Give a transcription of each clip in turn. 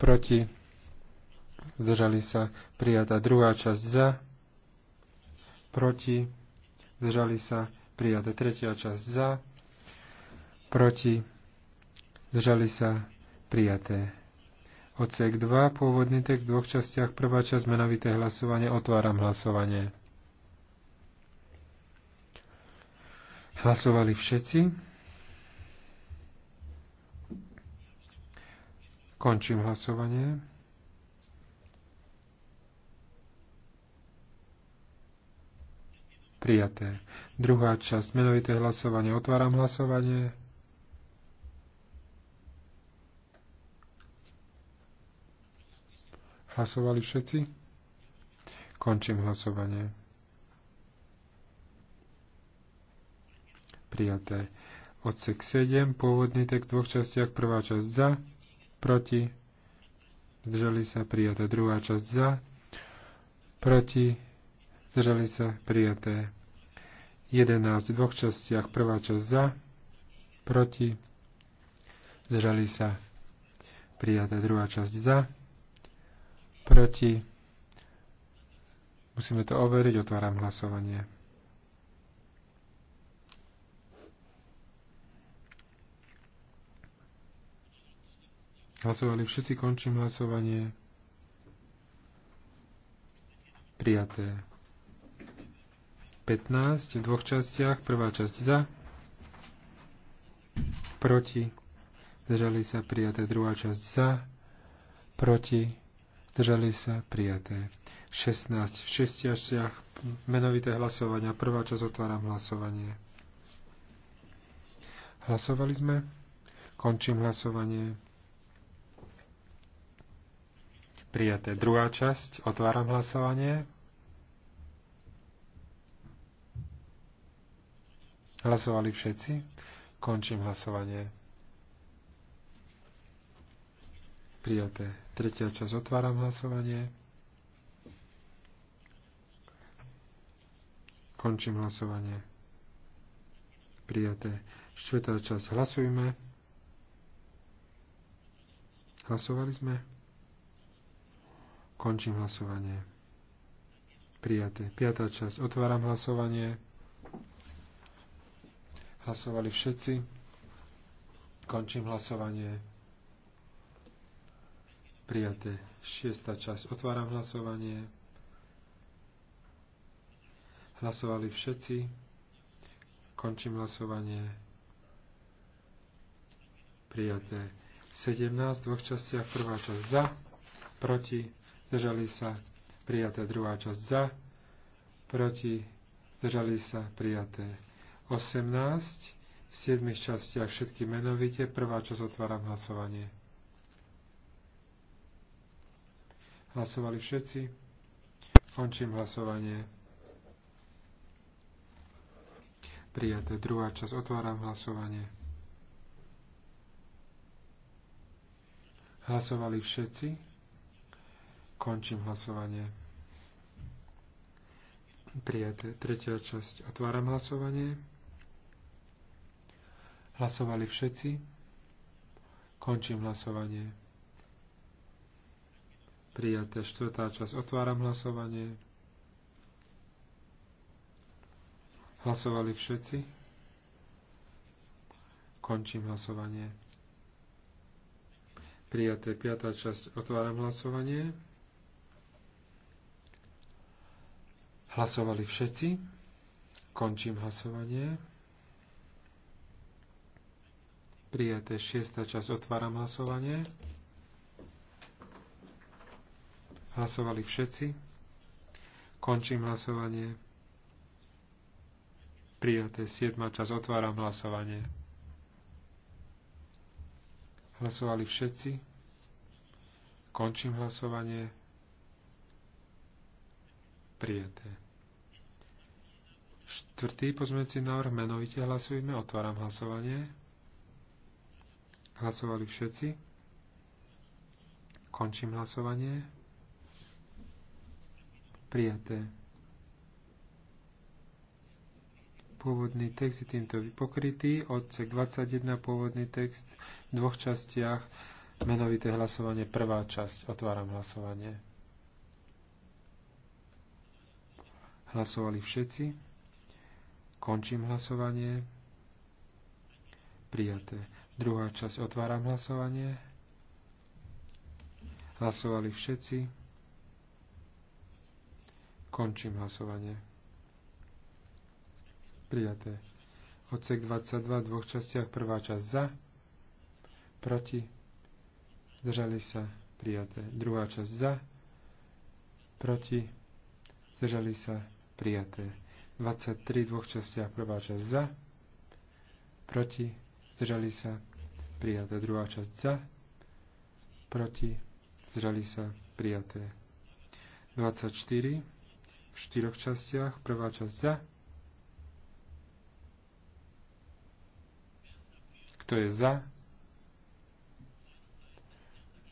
proti, zdržali sa prijatá druhá časť za, proti, zdržali sa prijatá tretia časť za, proti, zdržali sa prijaté. Odsek 2, pôvodný text v dvoch častiach, prvá časť menovité hlasovanie, otváram hlasovanie. Hlasovali všetci. Končím hlasovanie. Prijaté. Druhá časť. Menovité hlasovanie. Otváram hlasovanie. Hlasovali všetci? Končím hlasovanie. Prijaté. Odsek 7. Pôvodný text v dvoch častiach. Prvá časť za proti, zdržali sa prijaté. Druhá časť za, proti, zdržali sa prijaté. 11 v dvoch častiach, prvá časť za, proti, zdržali sa prijaté. Druhá časť za, proti, musíme to overiť, otváram hlasovanie. Hlasovali všetci, končím hlasovanie. Prijaté. 15 v dvoch častiach. Prvá časť za. Proti. Zdržali sa prijaté. Druhá časť za. Proti. Zdržali sa prijaté. 16 v šestiach. menovité hlasovania. Prvá časť otváram hlasovanie. Hlasovali sme. Končím hlasovanie. Prijaté. Druhá časť. Otváram hlasovanie. Hlasovali všetci. Končím hlasovanie. Prijaté. Tretia časť. Otváram hlasovanie. Končím hlasovanie. Prijaté. Štvrtá časť. Hlasujme. Hlasovali sme. Končím hlasovanie. Prijaté. Piatá časť. Otváram hlasovanie. Hlasovali všetci. Končím hlasovanie. Prijaté. Šiesta časť. Otváram hlasovanie. Hlasovali všetci. Končím hlasovanie prijaté. 17 v dvoch častiach, prvá časť za, proti, zdržali sa, prijaté druhá časť za, proti, zdržali sa, prijaté 18, v siedmých častiach všetky menovite, prvá časť otváram hlasovanie. Hlasovali všetci? Končím hlasovanie. Prijaté. Druhá časť. Otváram hlasovanie. Hlasovali všetci? Končím hlasovanie. Prijaté. Tretia časť. Otváram hlasovanie. Hlasovali všetci. Končím hlasovanie. Prijaté. Štvrtá časť. Otváram hlasovanie. Hlasovali všetci. Končím hlasovanie. Prijaté. Piatá časť. Otváram hlasovanie. Hlasovali všetci. Končím hlasovanie. Prijaté šiesta čas, Otváram hlasovanie. Hlasovali všetci. Končím hlasovanie. Prijaté siedma čas, Otváram hlasovanie. Hlasovali všetci. Končím hlasovanie prijaté. Štvrtý pozmeňujúci návrh menovite hlasujeme. Otváram hlasovanie. Hlasovali všetci. Končím hlasovanie. Prijaté. Pôvodný text je týmto vypokrytý. Odsek 21, pôvodný text v dvoch častiach. Menovité hlasovanie, prvá časť. Otváram hlasovanie. Hlasovali všetci. Končím hlasovanie. Prijaté. Druhá časť. Otváram hlasovanie. Hlasovali všetci. Končím hlasovanie. Prijaté. Odsek 22 v dvoch častiach. Prvá časť za. Proti. Zdržali sa. Prijaté. Druhá časť za. Proti. Zdržali sa. Prijaté. 23 v dvoch častiach. Prvá časť za, proti, zdržali sa, prijaté. Druhá časť za, proti, zdržali sa, prijaté. 24 v štyroch častiach. Prvá časť za, kto je za,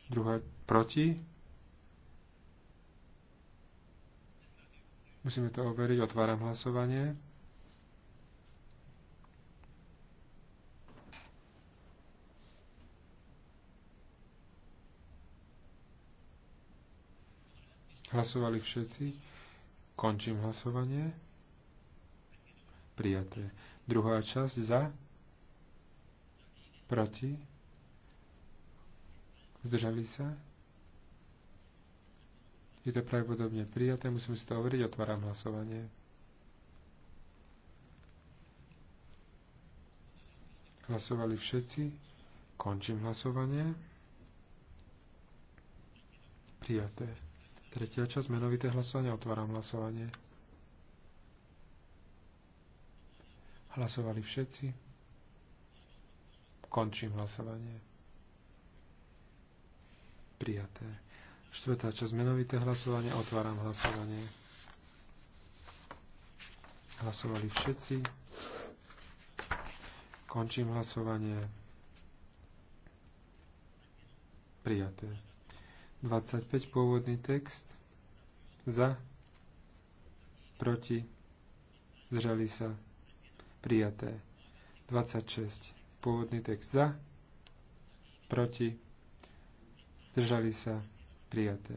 druhá proti, Musíme to overiť. Otváram hlasovanie. Hlasovali všetci. Končím hlasovanie. Prijaté. Druhá časť za. Proti. Zdržali sa. Je to pravdepodobne prijaté, musím si to overiť, otváram hlasovanie. Hlasovali všetci. Končím hlasovanie. Prijaté. Tretia časť, menovité hlasovanie, otváram hlasovanie. Hlasovali všetci. Končím hlasovanie. Prijaté. Štvrtá časť menovité hlasovanie. Otváram hlasovanie. Hlasovali všetci. Končím hlasovanie. Prijaté. 25 pôvodný text. Za. Proti. Zžali sa. Prijaté. 26 pôvodný text. Za. Proti. Zdržali sa prijaté.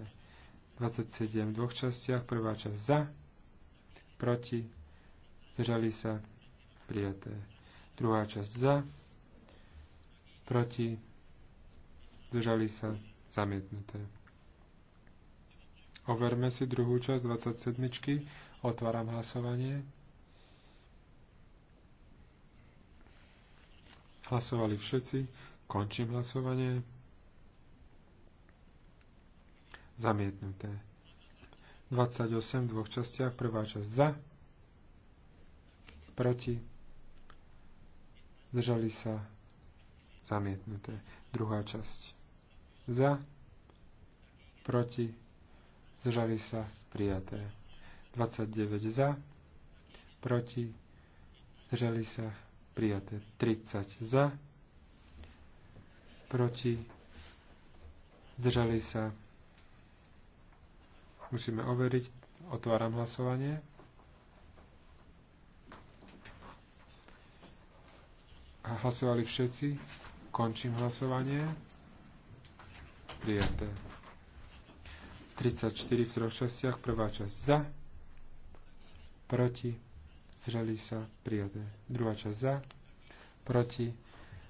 27 v dvoch častiach, prvá časť za, proti, zdržali sa, prijaté. Druhá časť za, proti, zdržali sa, zamietnuté. Overme si druhú časť 27. Otváram hlasovanie. Hlasovali všetci. Končím hlasovanie. Zamietnuté. 28 v dvoch častiach. Prvá časť za. Proti. Zdržali sa. Zamietnuté. Druhá časť. Za. Proti. Zdržali sa. Prijaté. 29 za. Proti. Zdržali sa. Prijaté. 30 za. Proti. Zdržali sa Musíme overiť. Otváram hlasovanie. A hlasovali všetci. Končím hlasovanie. Prijaté. 34 v troch častiach. Prvá časť za. Proti. Zdržali sa. Prijaté. Druhá časť za. Proti.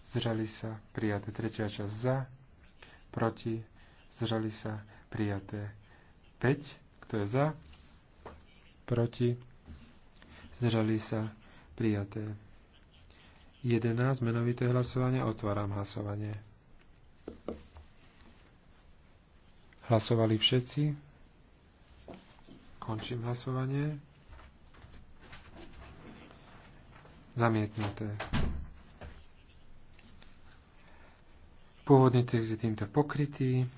Zdržali sa. Prijaté. Tretia časť za. Proti. Zdržali sa. Prijaté. 5. Kto je za? Proti? Zdržali sa? Prijaté. 11. Menovité hlasovanie. Otváram hlasovanie. Hlasovali všetci? Končím hlasovanie. Zamietnuté. Pôvodný text je týmto pokrytý.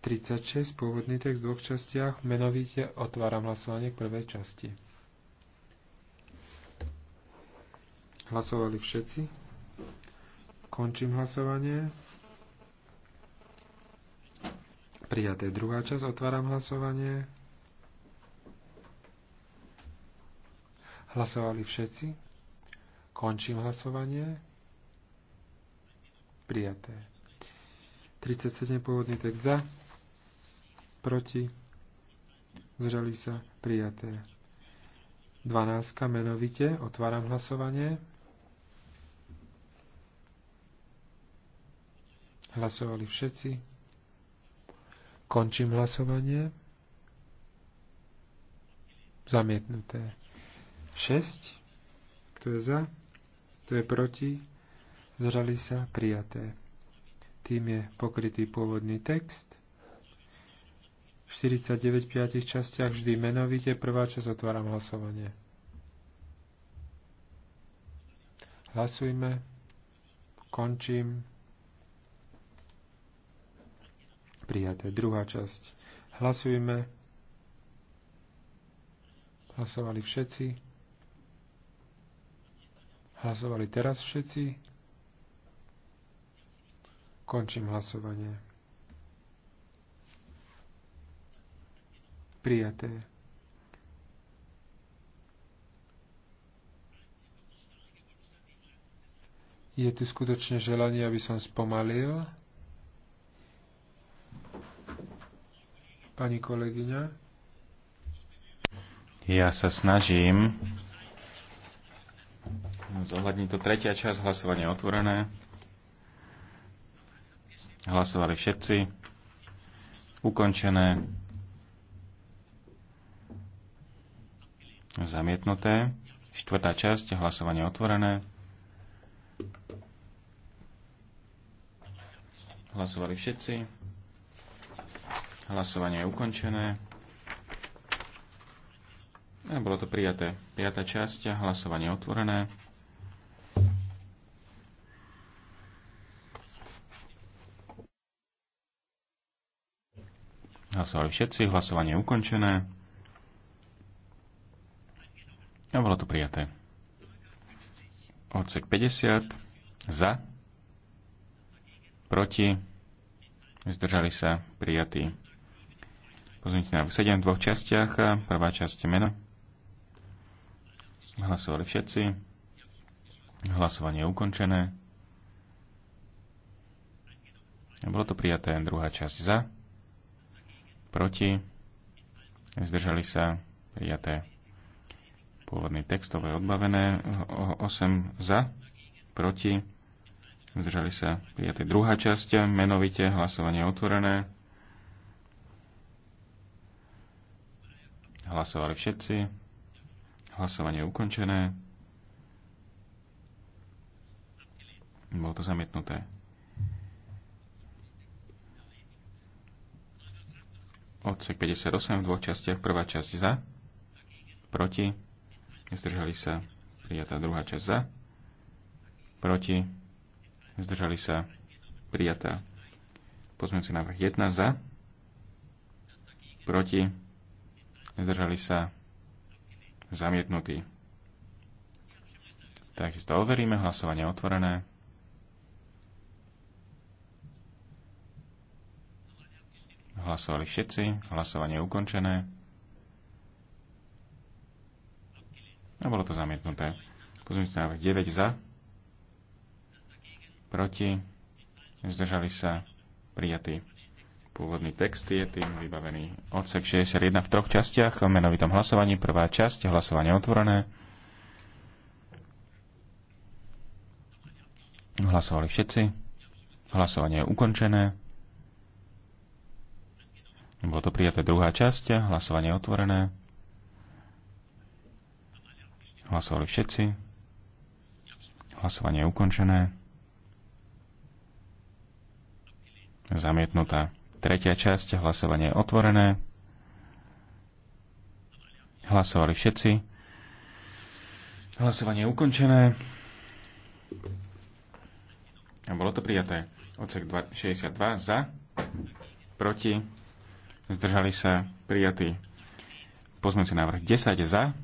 36, pôvodný text v dvoch častiach, menovite otváram hlasovanie k prvej časti. Hlasovali všetci. Končím hlasovanie. Prijaté druhá časť, otváram hlasovanie. Hlasovali všetci. Končím hlasovanie. Prijaté. 37 pôvodný text za proti, zdržali sa prijaté. 12 menovite, otváram hlasovanie. Hlasovali všetci. Končím hlasovanie. Zamietnuté. 6. Kto je za? Kto je proti? zrali sa prijaté. Tým je pokrytý pôvodný text. 49 5 častiach vždy menovite. Prvá časť otváram hlasovanie. Hlasujme. Končím. Prijaté. Druhá časť. Hlasujme. Hlasovali všetci. Hlasovali teraz všetci. Končím hlasovanie. prijaté. Je tu skutočne želanie, aby som spomalil. Pani kolegyňa. Ja sa snažím zohľadniť to tretia časť, hlasovanie otvorené. Hlasovali všetci. Ukončené. Zamietnuté. Štvrtá časť, hlasovanie otvorené. Hlasovali všetci. Hlasovanie je ukončené. A bolo to prijaté. Piatá časť, hlasovanie otvorené. Hlasovali všetci, hlasovanie je ukončené. A bolo to prijaté. Odsek 50. Za. Proti. Zdržali sa. Prijatí. Pozmite na 7 v dvoch častiach. Prvá časť meno. Hlasovali všetci. Hlasovanie je ukončené. A bolo to prijaté druhá časť za. Proti. Zdržali sa. Prijaté pôvodný textové odbavené, 8 za, proti, zdržali sa prijaté druhá časť, menovite hlasovanie otvorené. Hlasovali všetci. Hlasovanie ukončené. Bolo to zamietnuté. Odsek 58 v dvoch častiach. Prvá časť za, proti, zdržali sa, prijatá druhá časť za, proti, zdržali sa, prijatá. Pozmeňujúci návrh 1 za, proti, zdržali sa, zamietnutý. Takisto overíme, hlasovanie otvorené. Hlasovali všetci, hlasovanie ukončené. A bolo to zamietnuté. Pozmeňujúci sa 9 za. Proti. Zdržali sa prijatý. Pôvodný text je tým vybavený odsek 61 v troch častiach o menovitom hlasovaní. Prvá časť, hlasovanie otvorené. Hlasovali všetci. Hlasovanie je ukončené. Bolo to prijaté druhá časť, hlasovanie otvorené. Hlasovali všetci. Hlasovanie je ukončené. Zamietnutá. Tretia časť. Hlasovanie je otvorené. Hlasovali všetci. Hlasovanie je ukončené. A bolo to prijaté. Odsek 62 za, proti, zdržali sa prijatý pozmeňujúci návrh 10 za,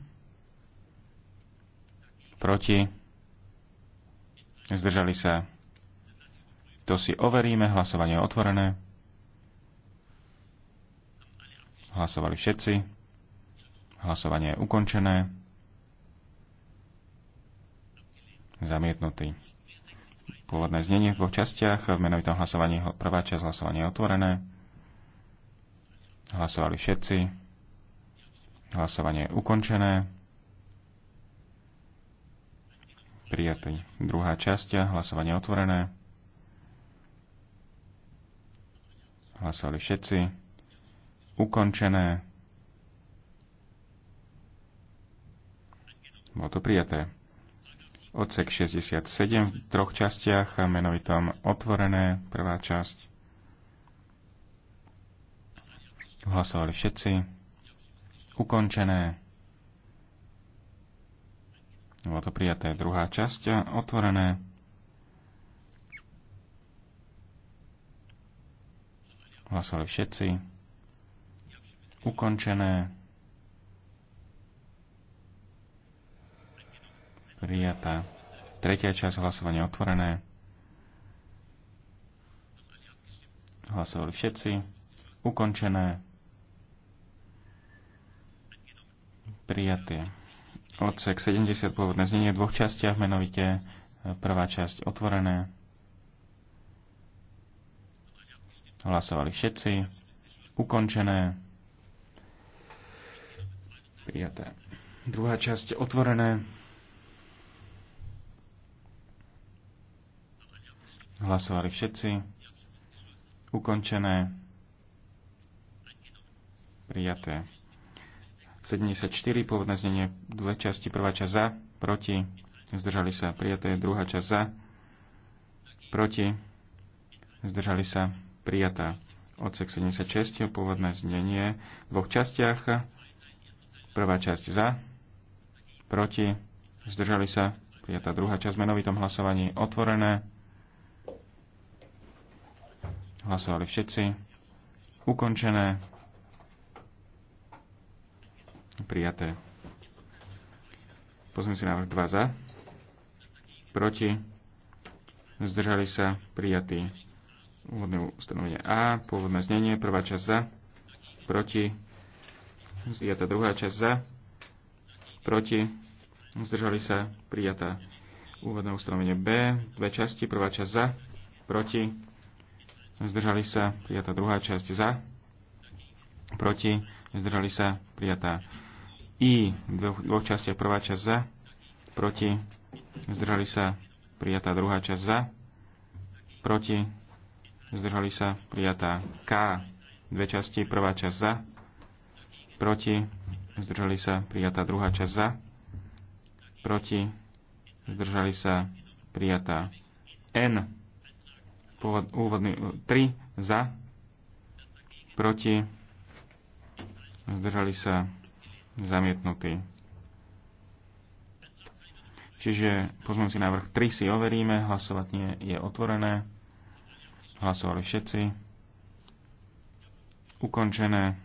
proti, zdržali sa. To si overíme, hlasovanie je otvorené. Hlasovali všetci. Hlasovanie je ukončené. Zamietnutý. Pôvodné znenie v dvoch častiach. V menovitom hlasovaní prvá časť hlasovanie je otvorené. Hlasovali všetci. Hlasovanie je ukončené. prijatý. Druhá časť, hlasovanie otvorené. Hlasovali všetci. Ukončené. Bolo to prijaté. Odsek 67 v troch častiach, menovitom otvorené, prvá časť. Hlasovali všetci. Ukončené. Bolo to prijaté druhá časť, e, otvorené. Hlasovali všetci. Ukončené. Prijatá. Tretia časť hlasovania otvorené. Hlasovali všetci. Ukončené. Prijaté odsek 70 pôvodné znenie v dvoch častiach, menovite e, prvá časť otvorené. Hlasovali všetci. Ukončené. Prijaté. Druhá časť otvorené. Hlasovali všetci. Ukončené. Prijaté. 74, pôvodné znenie dve časti, prvá časť za, proti, zdržali sa prijaté, druhá časť za, proti, zdržali sa prijatá. Odsek 76, pôvodné znenie v dvoch častiach, prvá časť za, proti, zdržali sa prijatá druhá časť menovitom hlasovaní otvorené. Hlasovali všetci. Ukončené. Prijaté. pozme si návrh 2 za. Proti. Zdržali sa. prijatí. Úvodné ustanovenie A. Pôvodné znenie. Prvá časť za. Proti. Prijatá druhá časť za. Proti. Zdržali sa. Prijatá. Úvodné ustanovenie B. Dve časti. Prvá časť za. Proti. Zdržali sa. Prijatá druhá časť za. Proti. Zdržali sa. Prijatá i v dvoch častiach prvá časť za, proti, zdržali sa prijatá druhá časť za, proti, zdržali sa prijatá K, dve časti, prvá časť za, proti, zdržali sa prijatá druhá časť za, proti, zdržali sa prijatá N, pôvod, úvodný 3 za, proti, zdržali sa zamietnutý. Čiže si návrh 3 si overíme, hlasovanie je otvorené, hlasovali všetci, ukončené,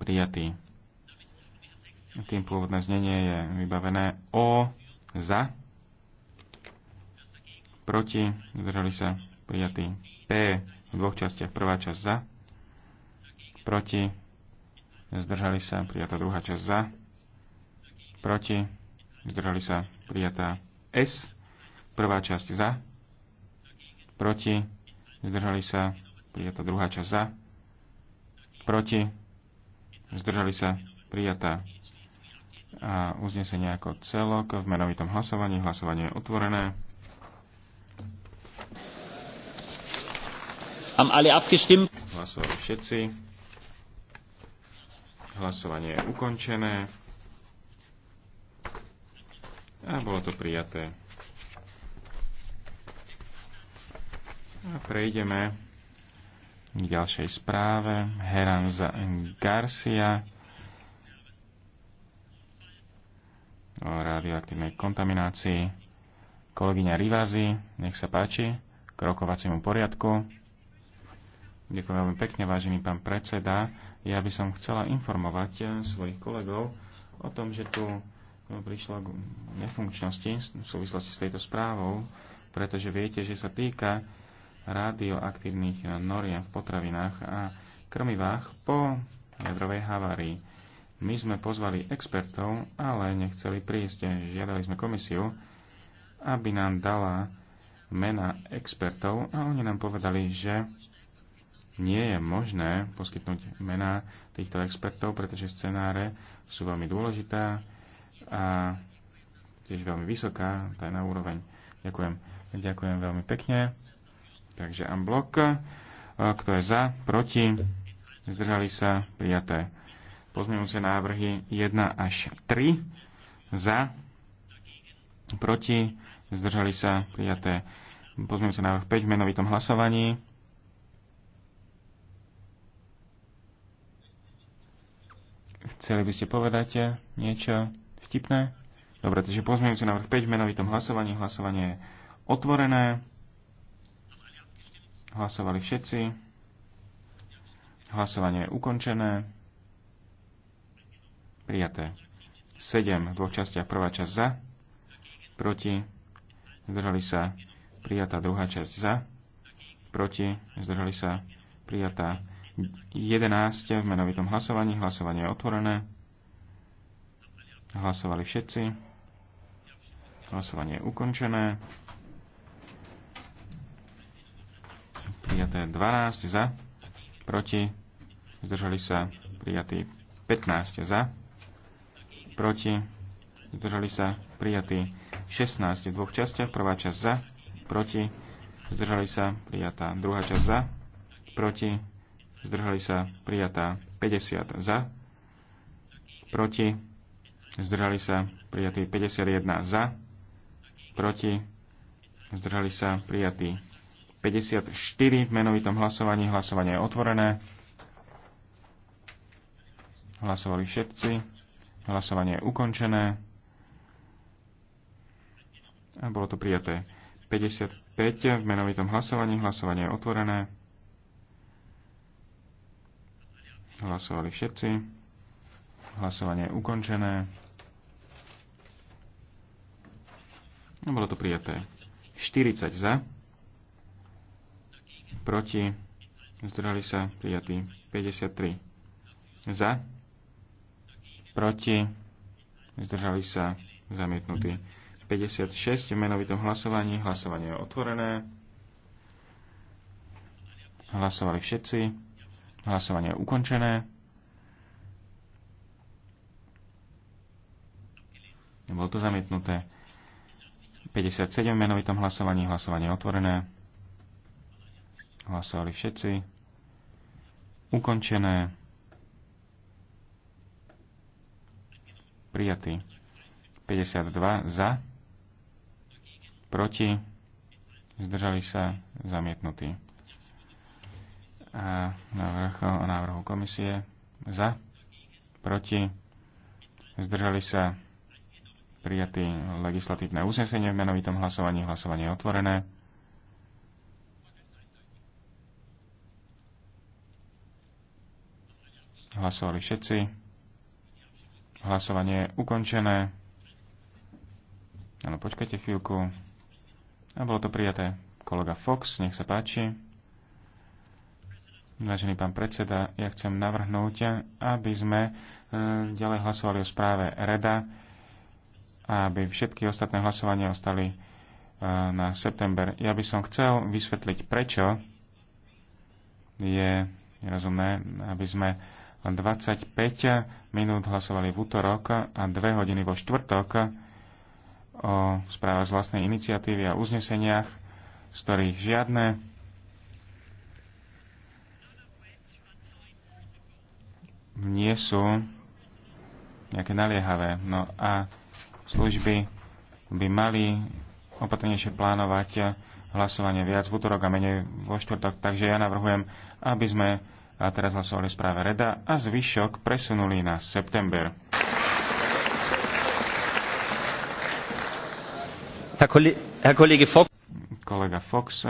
prijatý. Tým pôvodné znenie je vybavené O za, proti, zdržali sa prijatý P v dvoch častiach, prvá časť za, proti, zdržali sa, prijatá druhá časť za, proti, zdržali sa, prijatá S, prvá časť za, proti, zdržali sa, prijatá druhá časť za, proti, zdržali sa, prijatá a uznesenie ako celok v menovitom hlasovaní. Hlasovanie je otvorené. alle abgestimmt? Hlasovali všetci. Hlasovanie je ukončené. A bolo to prijaté. A prejdeme k ďalšej správe. Heranz Garcia o radioaktívnej kontaminácii. Kolegyňa Rivazi, nech sa páči, k rokovaciemu poriadku. Ďakujem veľmi pekne, vážený pán predseda. Ja by som chcela informovať eh, svojich kolegov o tom, že tu eh, prišlo k nefunkčnosti v súvislosti s tejto správou, pretože viete, že sa týka radioaktívnych eh, noriem v potravinách a krmivách po jadrovej havárii. My sme pozvali expertov, ale nechceli prísť. Žiadali sme komisiu, aby nám dala mena expertov a oni nám povedali, že nie je možné poskytnúť mená týchto expertov, pretože scenáre sú veľmi dôležitá a tiež veľmi vysoká tá je na úroveň. Ďakujem. Ďakujem veľmi pekne. Takže unblock. E, kto je za, proti, zdržali sa, prijaté. sa návrhy 1 až 3. Za, proti, zdržali sa, prijaté. sa návrh 5 v menovitom hlasovaní. Chceli by ste povedať niečo vtipné? Dobre, takže pozmeňujúci návrh 5 v menovitom hlasovaní. Hlasovanie je otvorené. Hlasovali všetci. Hlasovanie je ukončené. Prijaté. 7 v dvoch častiach. Prvá časť za. Proti. Zdržali sa. Prijatá druhá časť za. Proti. Zdržali sa. Prijatá 11 v menovitom hlasovaní. Hlasovanie je otvorené. Hlasovali všetci. Hlasovanie je ukončené. Prijaté 12 za, proti, zdržali sa prijatí 15 za, proti, zdržali sa prijatí 16 v dvoch častiach, prvá časť za, proti, zdržali sa prijatá druhá časť za, proti, zdržali sa prijatá 50 za, proti, zdržali sa prijatí 51 za, proti, zdržali sa prijatí 54 v menovitom hlasovaní, hlasovanie je otvorené, hlasovali všetci, hlasovanie je ukončené a bolo to prijaté 55 v menovitom hlasovaní, hlasovanie je otvorené, Hlasovali všetci. Hlasovanie je ukončené. No, bolo to prijaté. 40 za. Proti. Zdržali sa prijatí. 53 za. Proti. Zdržali sa zamietnutí. 56 v menovitom hlasovaní. Hlasovanie je otvorené. Hlasovali všetci. Hlasovanie je ukončené. Bolo to zamietnuté. 57 v menovitom hlasovaní, hlasovanie otvorené. Hlasovali všetci. Ukončené. Prijatý. 52 za. Proti. Zdržali sa. Zamietnutí a návrh o návrhu komisie za, proti, zdržali sa prijatý legislatívne uznesenie v menovitom hlasovaní, hlasovanie je otvorené. Hlasovali všetci. Hlasovanie je ukončené. Áno, počkajte chvíľku. A bolo to prijaté. Kolega Fox, nech sa páči. Vážený pán predseda, ja chcem navrhnúť, aby sme e, ďalej hlasovali o správe Reda a aby všetky ostatné hlasovania ostali e, na september. Ja by som chcel vysvetliť, prečo je rozumné, aby sme 25 minút hlasovali v útorok a 2 hodiny vo štvrtok o správe z vlastnej iniciatívy a uzneseniach, z ktorých žiadne nie sú nejaké naliehavé. No a služby by mali opatrnejšie plánovať hlasovanie viac v útorok a menej vo štvrtok. Takže ja navrhujem, aby sme a teraz hlasovali správe Reda a zvyšok presunuli na september. Kolega Fox,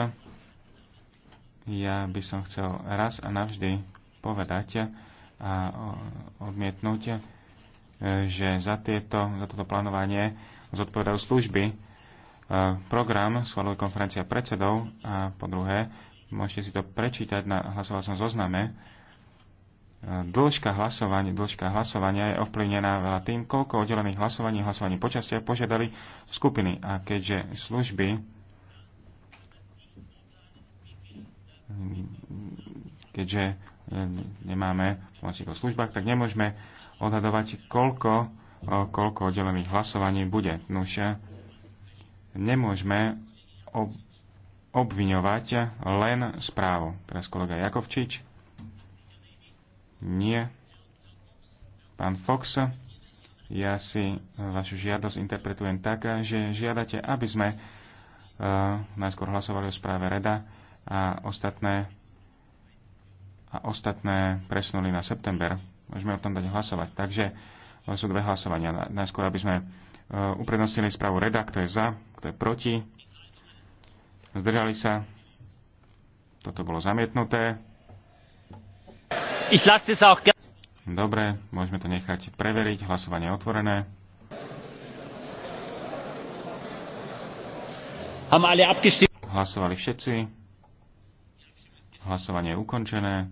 ja by som chcel raz a navždy povedať, a odmietnúť, e, že za, tieto, za toto plánovanie zodpovedajú služby. E, program schvaluje konferencia predsedov a po druhé, môžete si to prečítať na hlasovacom zozname, e, dĺžka hlasovania, dĺžka hlasovania je ovplyvnená veľa tým, koľko oddelených hlasovaní, hlasovaní počastia požiadali skupiny. A keďže služby keďže E, nemáme tlmočníkov v službách, tak nemôžeme odhadovať, koľko, e, koľko oddelených hlasovaní bude. Nuž e, nemôžeme ob, obviňovať len správu. Teraz kolega Jakovčič. Nie. Pán Fox, ja si vašu žiadosť interpretujem tak, že žiadate, aby sme uh, najskôr hlasovali o správe Reda a ostatné a ostatné presunuli na september. Môžeme o tom dať hlasovať. Takže sú dve hlasovania. Najskôr, aby sme e, uprednostili správu Reda, kto je za, kto je proti. Zdržali sa. Toto bolo zamietnuté. Dobre, môžeme to nechať preveriť. Hlasovanie je otvorené. Hlasovali všetci. Hlasovanie je ukončené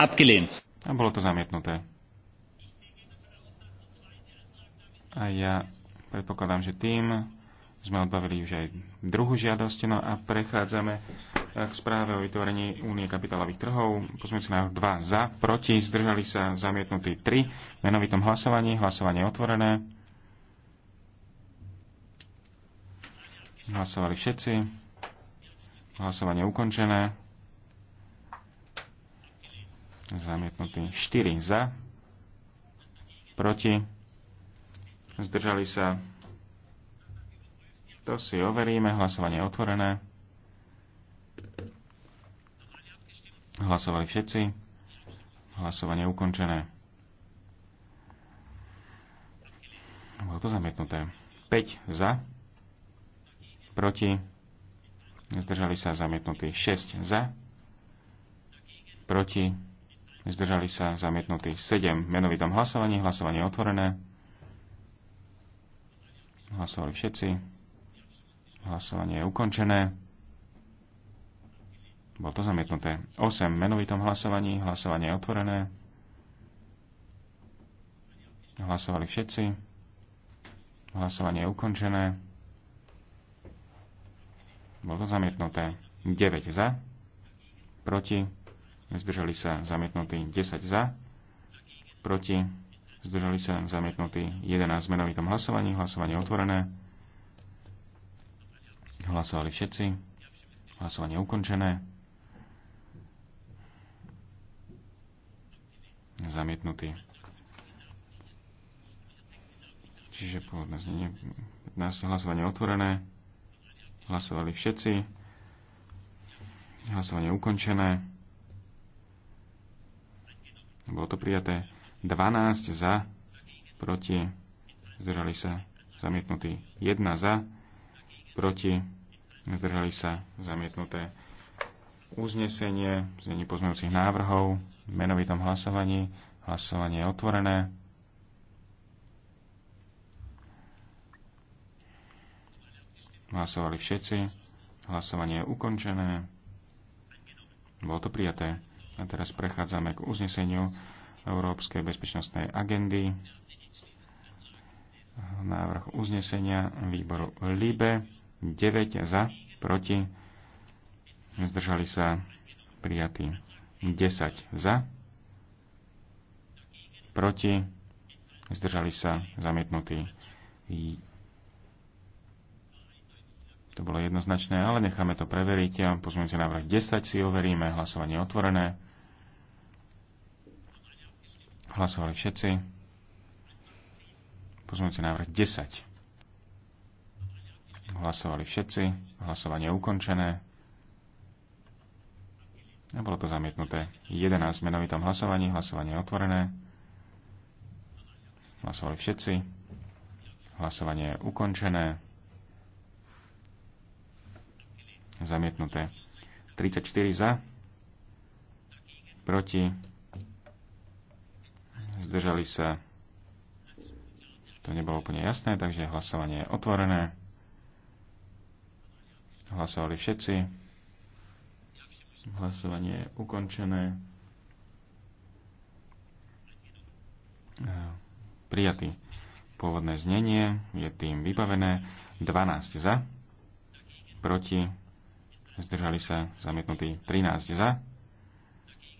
abgelehnt. A bolo to zamietnuté. A ja predpokladám, že tým sme odbavili už aj druhú žiadosť, no a prechádzame eh, k správe o vytvorení únie kapitálových trhov. Pozmeňujúci návrh 2 za, proti, zdržali sa zamietnutí 3. Menovitom hlasovaní, hlasovanie otvorené. Hlasovali všetci. Hlasovanie ukončené. Zamietnutý 4 za. Proti. Zdržali sa. To si overíme. Hlasovanie je otvorené. Hlasovali všetci. Hlasovanie je ukončené. Bolo to zamietnuté. 5 za. Proti. Zdržali sa zamietnutí 6 za. Proti zdržali sa zamietnutí 7 menovitom hlasovaní, hlasovanie otvorené. Hlasovali všetci. Hlasovanie je ukončené. Bolo to zamietnuté. 8 menovitom hlasovaní, hlasovanie je otvorené. Hlasovali všetci. Hlasovanie je ukončené. Bolo to zamietnuté. 9 za, proti zdržali sa zamietnutí 10 za, proti, zdržali sa zamietnutí 11 v menovitom hlasovaní, hlasovanie otvorené, hlasovali všetci, hlasovanie ukončené, zamietnutý. Čiže pôvodné znenie nás hlasovanie otvorené, hlasovali všetci, hlasovanie ukončené, bolo to prijaté 12 za, proti, zdržali sa zamietnutí 1 za, proti, zdržali sa zamietnuté uznesenie, znení pozmeňujúcich návrhov, v menovitom hlasovaní, hlasovanie je otvorené. Hlasovali všetci, hlasovanie je ukončené. Bolo to prijaté. A teraz prechádzame k uzneseniu Európskej bezpečnostnej agendy. Návrh uznesenia výboru LIBE 9 za, proti, zdržali sa prijatí 10 za, proti, zdržali sa zamietnutí. To bolo jednoznačné, ale necháme to preveriť. Pozmeňujúci návrh 10 si overíme, hlasovanie otvorené. Hlasovali všetci. Pozmeňujúci návrh 10. Hlasovali všetci. Hlasovanie je ukončené. A bolo to zamietnuté. 11 v menovitom hlasovaní. Hlasovanie je otvorené. Hlasovali všetci. Hlasovanie je ukončené. Zamietnuté. 34 za. Proti zdržali sa. To nebolo úplne jasné, takže hlasovanie je otvorené. Hlasovali všetci. Hlasovanie je ukončené. Prijatý pôvodné znenie je tým vybavené. 12 za, proti, zdržali sa zamietnutí 13 za,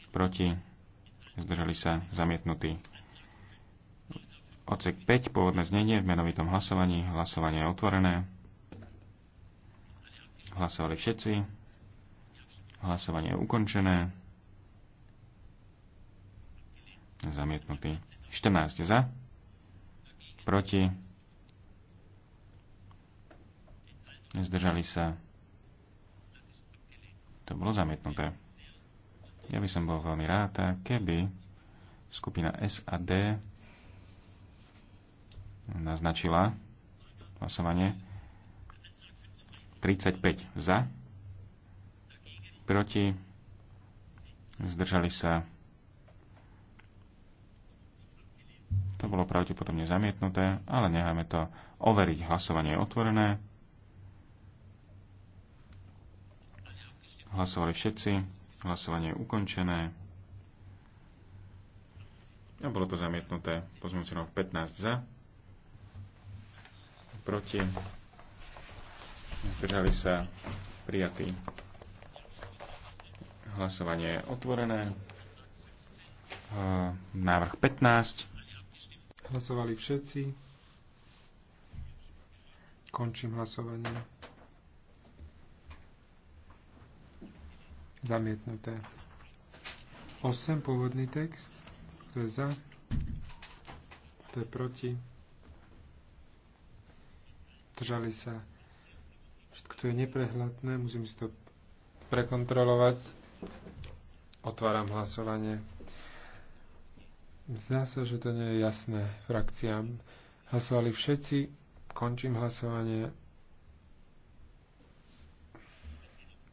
proti, zdržali sa zamietnutí Ocek 5, pôvodné znenie v menovitom hlasovaní. Hlasovanie je otvorené. Hlasovali všetci. Hlasovanie je ukončené. Zamietnutý. 14 za. Proti. Zdržali sa. To bolo zamietnuté. Ja by som bol veľmi rád, keby skupina S a D naznačila hlasovanie. 35 za, proti, zdržali sa. To bolo pravdepodobne zamietnuté, ale necháme to overiť. Hlasovanie je otvorené. Hlasovali všetci. Hlasovanie je ukončené. A bolo to zamietnuté pozmúcenou 15 za, proti, zdržali sa prijatí. Hlasovanie je otvorené. Návrh 15. Hlasovali všetci. Končím hlasovanie. Zamietnuté. 8. Pôvodný text. Kto je za? Kto je proti? zdržali sa. Všetko to je neprehľadné, musím si to prekontrolovať. Otváram hlasovanie. Zdá sa, že to nie je jasné frakciám. Hlasovali všetci, končím hlasovanie.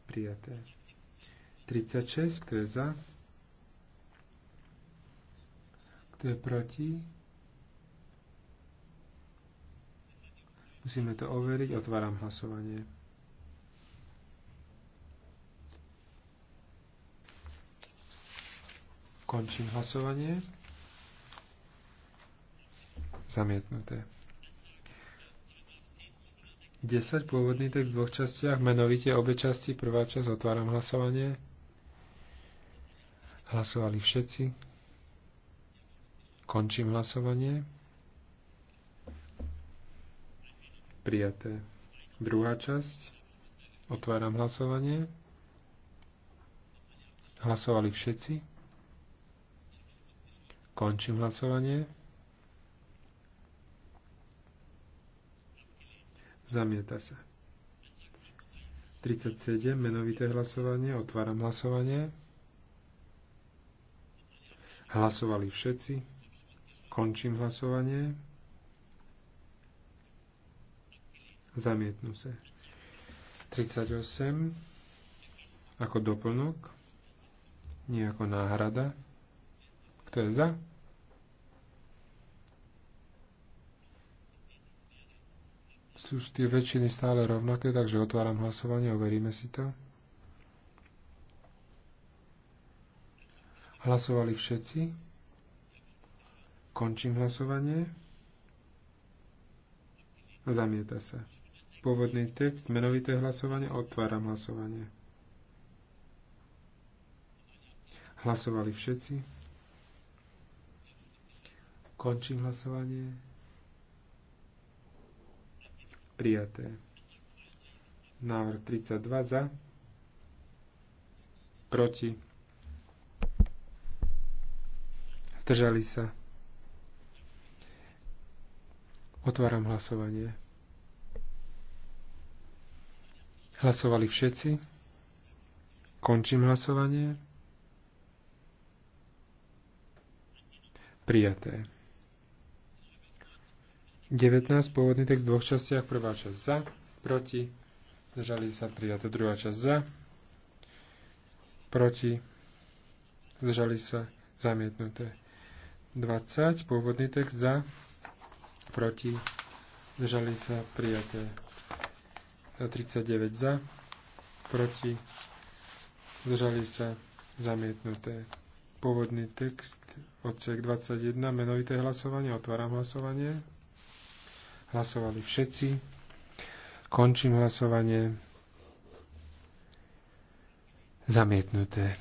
Prijaté. 36, kto je za? Kto je proti? Musíme to overiť. Otváram hlasovanie. Končím hlasovanie. Zamietnuté. 10. Pôvodný text v dvoch častiach, menovite obe časti. Prvá časť, otváram hlasovanie. Hlasovali všetci. Končím hlasovanie. Prijaté. Druhá časť. Otváram hlasovanie. Hlasovali všetci. Končím hlasovanie. Zamieta sa. 37. Menovité hlasovanie. Otváram hlasovanie. Hlasovali všetci. Končím hlasovanie. Zamietnú sa. 38 ako doplnok, nie ako náhrada. Kto je za? Sú tie väčšiny stále rovnaké, takže otváram hlasovanie, overíme si to. Hlasovali všetci. Končím hlasovanie. Zamieta sa. Pôvodný text, menovité hlasovanie, otváram hlasovanie. Hlasovali všetci. Končím hlasovanie. Prijaté. Návrh 32 za. Proti. Zdržali sa. Otváram hlasovanie. Hlasovali všetci? Končím hlasovanie. Prijaté. 19. Pôvodný text v dvoch častiach. Prvá časť za, proti, zdržali sa prijaté. Druhá časť za, proti, zdržali sa zamietnuté. 20. Pôvodný text za, proti, zdržali sa prijaté. 39 za, proti, zdržali sa zamietnuté. Pôvodný text, odsek 21, menovité hlasovanie, otváram hlasovanie. Hlasovali všetci. Končím hlasovanie. Zamietnuté.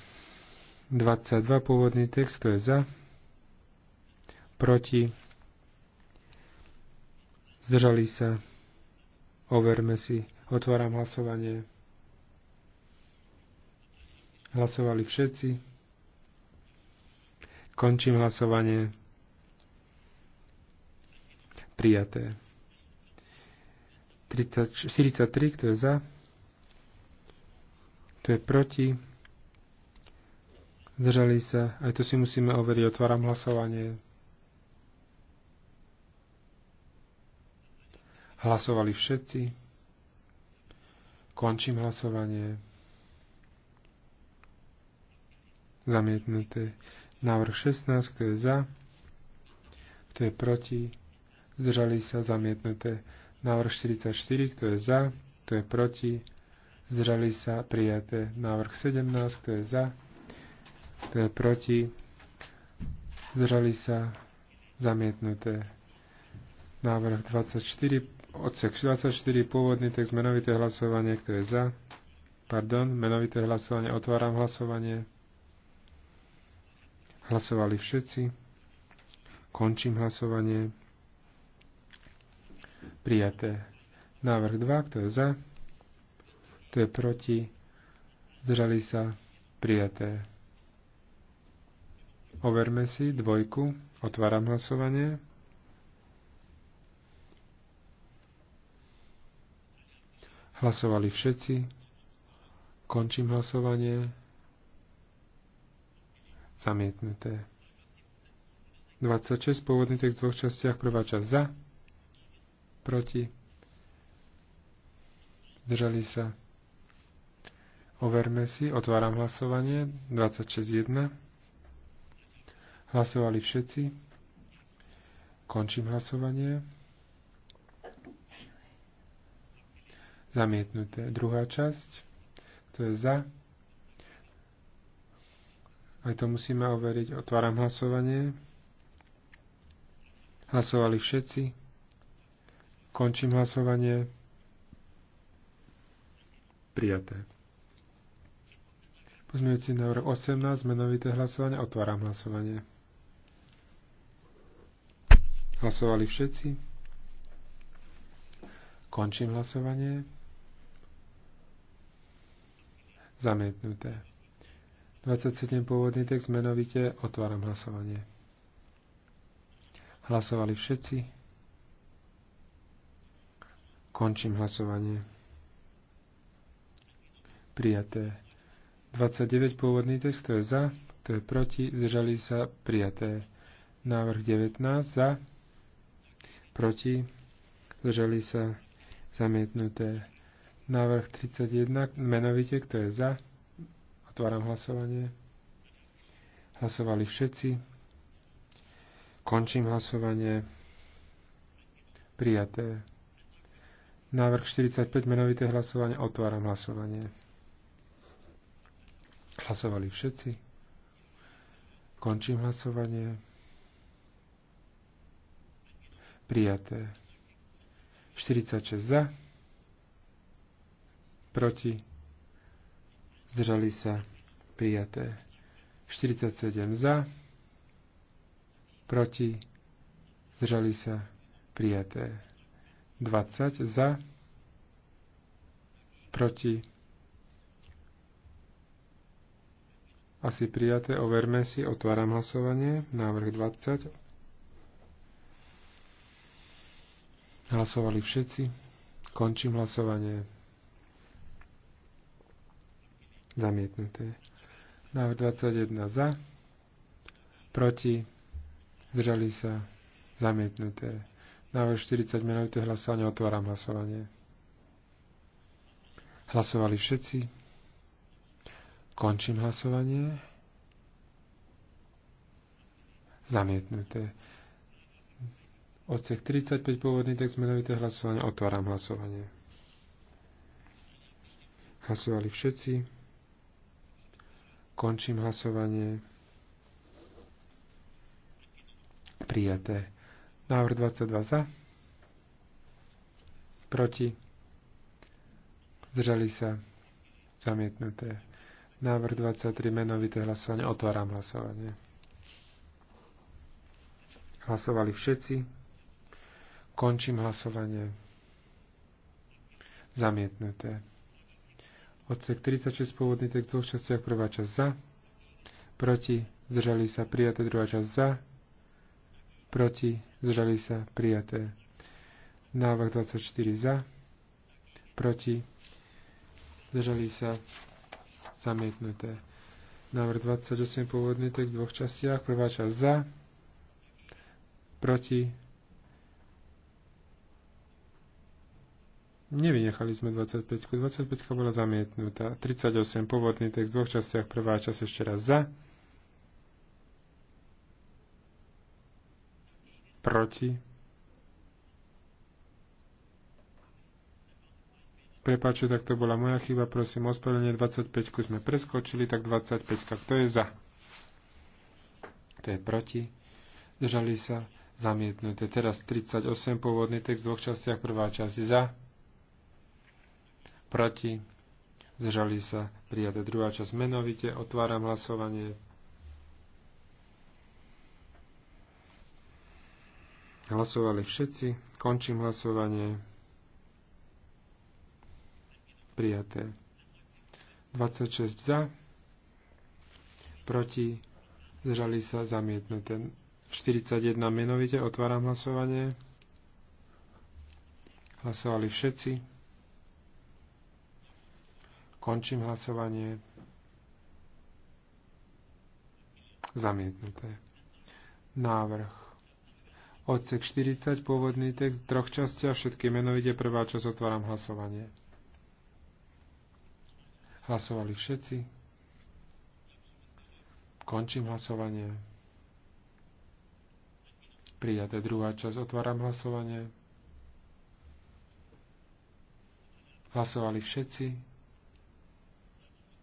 22 pôvodný text, to je za, proti, zdržali sa, overme si Otváram hlasovanie. Hlasovali všetci. Končím hlasovanie. Prijaté. 30, 43, kto je za? Kto je proti? Zdržali sa. Aj to si musíme overiť. Otváram hlasovanie. Hlasovali všetci. Končím hlasovanie. Zamietnuté. Návrh 16, kto je za, kto je proti, zdržali sa, zamietnuté. Návrh 44, kto je za, kto je proti, zdržali sa, prijaté. Návrh 17, kto je za, kto je proti, zdržali sa, zamietnuté. Návrh 24, Odsek 24, pôvodný text, menovité hlasovanie, kto je za? Pardon, menovité hlasovanie, otváram hlasovanie. Hlasovali všetci. Končím hlasovanie. Prijaté. Návrh 2, kto je za? Kto je proti? Zdržali sa? Prijaté. Overme si dvojku. Otváram hlasovanie. Hlasovali všetci. Končím hlasovanie. Zamietnuté. 26. Pôvodný text v dvoch častiach. Prvá časť za. Proti. Zdržali sa. Overme si. Otváram hlasovanie. 26.1. Hlasovali všetci. Končím hlasovanie. Zamietnuté. Druhá časť. Kto je za? Aj to musíme overiť. Otváram hlasovanie. Hlasovali všetci. Končím hlasovanie. Prijaté. Pozmeňujúci návrh 18, menovité hlasovanie. Otváram hlasovanie. Hlasovali všetci. Končím hlasovanie. Zamietnuté. 27 pôvodný text menovite otváram hlasovanie. Hlasovali všetci. Končím hlasovanie. Prijaté. 29 pôvodný text, kto je za, kto je proti, zdržali sa, prijaté. Návrh 19 za, proti, zdržali sa, zamietnuté. Návrh 31, menovite, kto je za? Otváram hlasovanie. Hlasovali všetci. Končím hlasovanie. Prijaté. Návrh 45, menovité hlasovanie. Otváram hlasovanie. Hlasovali všetci. Končím hlasovanie. Prijaté. 46 za proti, zdržali sa prijaté. 47 za, proti, zdržali sa prijaté. 20 za, proti, asi prijaté, overme si, otváram hlasovanie, návrh 20. Hlasovali všetci, končím hlasovanie. Zamietnuté. Návrh 21 za. Proti. Zdržali sa. Zamietnuté. Návrh 40 menovité hlasovanie. Otváram hlasovanie. Hlasovali všetci. Končím hlasovanie. Zamietnuté. Odsek 35, pôvodný text, menovité hlasovanie. Otváram hlasovanie. Hlasovali všetci. Končím hlasovanie. Prijaté. Návrh 22 za. Proti. Zdržali sa. Zamietnuté. Návrh 23 menovité hlasovanie. Otváram hlasovanie. Hlasovali všetci. Končím hlasovanie. Zamietnuté. Odsek 36, pôvodný text v dvoch častiach, prvá časť za, proti, zdržali sa prijaté, druhá časť za, proti, zdržali sa prijaté. Návrh 24 za, proti, zdržali sa zamietnuté. Návrh 28, pôvodný text v dvoch častiach, prvá časť za, proti, Nevynechali sme 25. 25 bola zamietnutá. 38. Pôvodný text v dvoch častiach. Prvá časť ešte raz za. Proti. Prepáčte, tak to bola moja chyba. Prosím, ospravedlne 25 sme preskočili, tak 25 kto je za? To je proti? držali sa zamietnuté. Teraz 38 pôvodný text v dvoch častiach. Prvá časť za proti, zdržali sa prijaté. Druhá časť menovite, otváram hlasovanie. Hlasovali všetci, končím hlasovanie. Prijaté. 26 za, proti, zdržali sa zamietnuté. 41 menovite, otváram hlasovanie. Hlasovali všetci. Končím hlasovanie. Zamietnuté. Návrh. Odsek 40, pôvodný text, troch troch a všetky menovite, prvá časť, otváram hlasovanie. Hlasovali všetci. Končím hlasovanie. Prijaté druhá časť, otváram hlasovanie. Hlasovali všetci.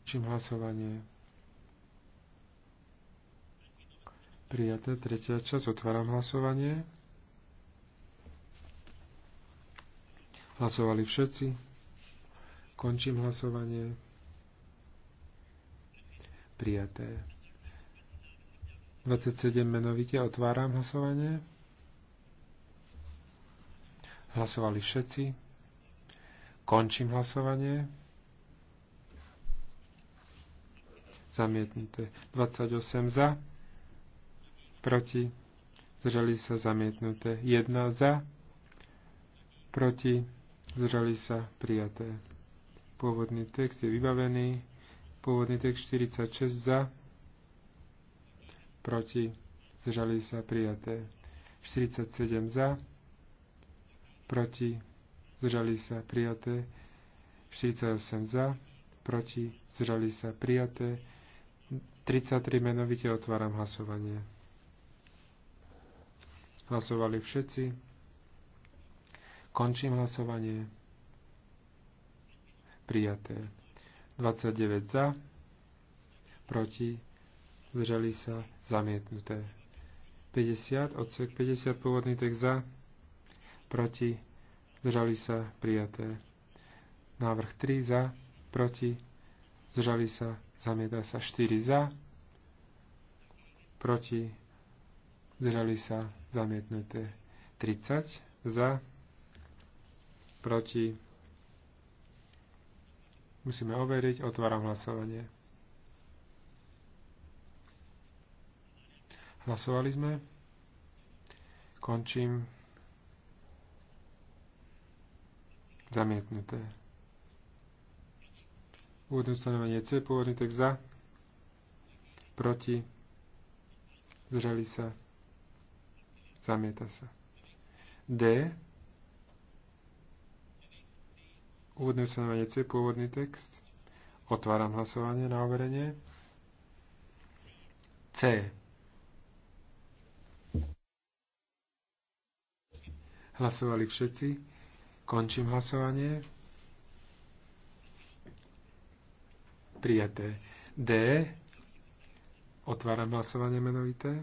Čím hlasovanie? Prijaté. Tretia časť. Otváram hlasovanie. Hlasovali všetci. Končím hlasovanie. Prijaté. 27 menovite. Otváram hlasovanie. Hlasovali všetci. Končím hlasovanie. zamietnuté. 28 za, proti, zdržali sa zamietnuté. 1 za, proti, zdržali sa prijaté. Pôvodný text je vybavený. Pôvodný text 46 za, proti, zdržali sa prijaté. 47 za, proti, zdržali sa prijaté. 48 za, proti, zdržali sa prijaté. 33 menovite otváram hlasovanie. Hlasovali všetci. Končím hlasovanie. Prijaté. 29 za, proti, zdržali sa, zamietnuté. 50, odsek 50, pôvodný text za, proti, zdržali sa, prijaté. Návrh 3 za, proti, zdržali sa, zamieta sa 4 za, proti, zdržali sa, zamietnuté 30 za, proti, musíme overiť, otváram hlasovanie. Hlasovali sme. Končím. Zamietnuté. Úvodné ustanovenie C, pôvodný text za, proti, zdržali sa, zamieta sa. D, úvodné ustanovenie C, pôvodný text. Otváram hlasovanie na overenie. C. Hlasovali všetci. Končím hlasovanie. prijaté. D. Otváram hlasovanie menovité.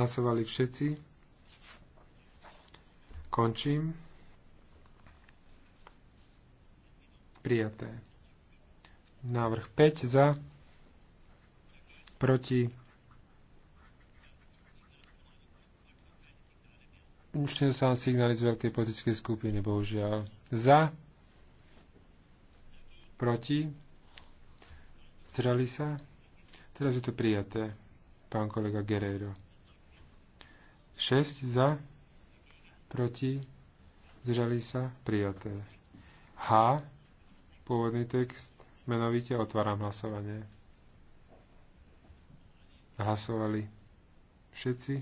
Hlasovali všetci. Končím. Prijaté. Návrh 5 za. Proti. Už ten sa signalizuje politickej skupiny, bohužiaľ. Za proti, zdržali sa, teraz je to prijaté, pán kolega Guerrero. 6 za, proti, zdrali sa, prijaté. H, pôvodný text, menovite otváram hlasovanie. Hlasovali všetci.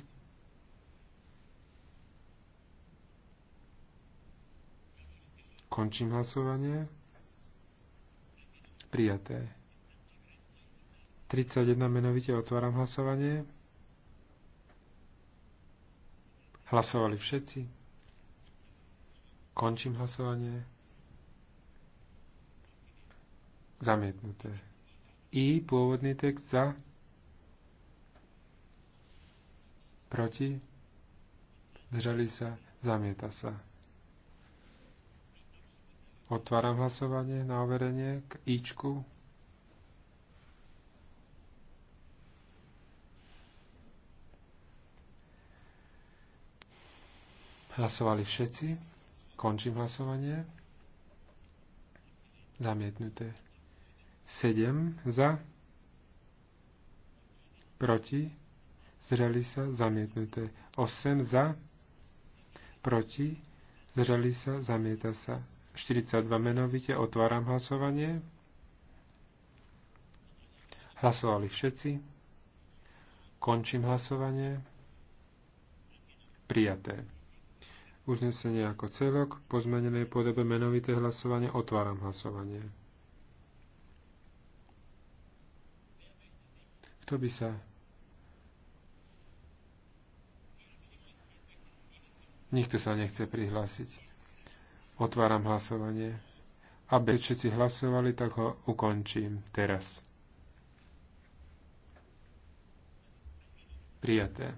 Končím hlasovanie. Prijaté. 31 menovite otváram hlasovanie. Hlasovali všetci. Končím hlasovanie. Zamietnuté. I pôvodný text za. Proti. Držali sa. Zamieta sa. Otváram hlasovanie na overenie k Ičku. Hlasovali všetci. Končím hlasovanie. Zamietnuté. 7 za. Proti. Zreli sa. Zamietnuté. 8 za. Proti. Zreli sa. Zamieta sa. 42 menovite. Otváram hlasovanie. Hlasovali všetci. Končím hlasovanie. Prijaté. Uznesenie ako celok, pozmenené podobe menovité hlasovanie, otváram hlasovanie. Kto by sa... Nikto sa nechce prihlásiť. Otváram hlasovanie. Aby všetci hlasovali, tak ho ukončím teraz. Prijaté.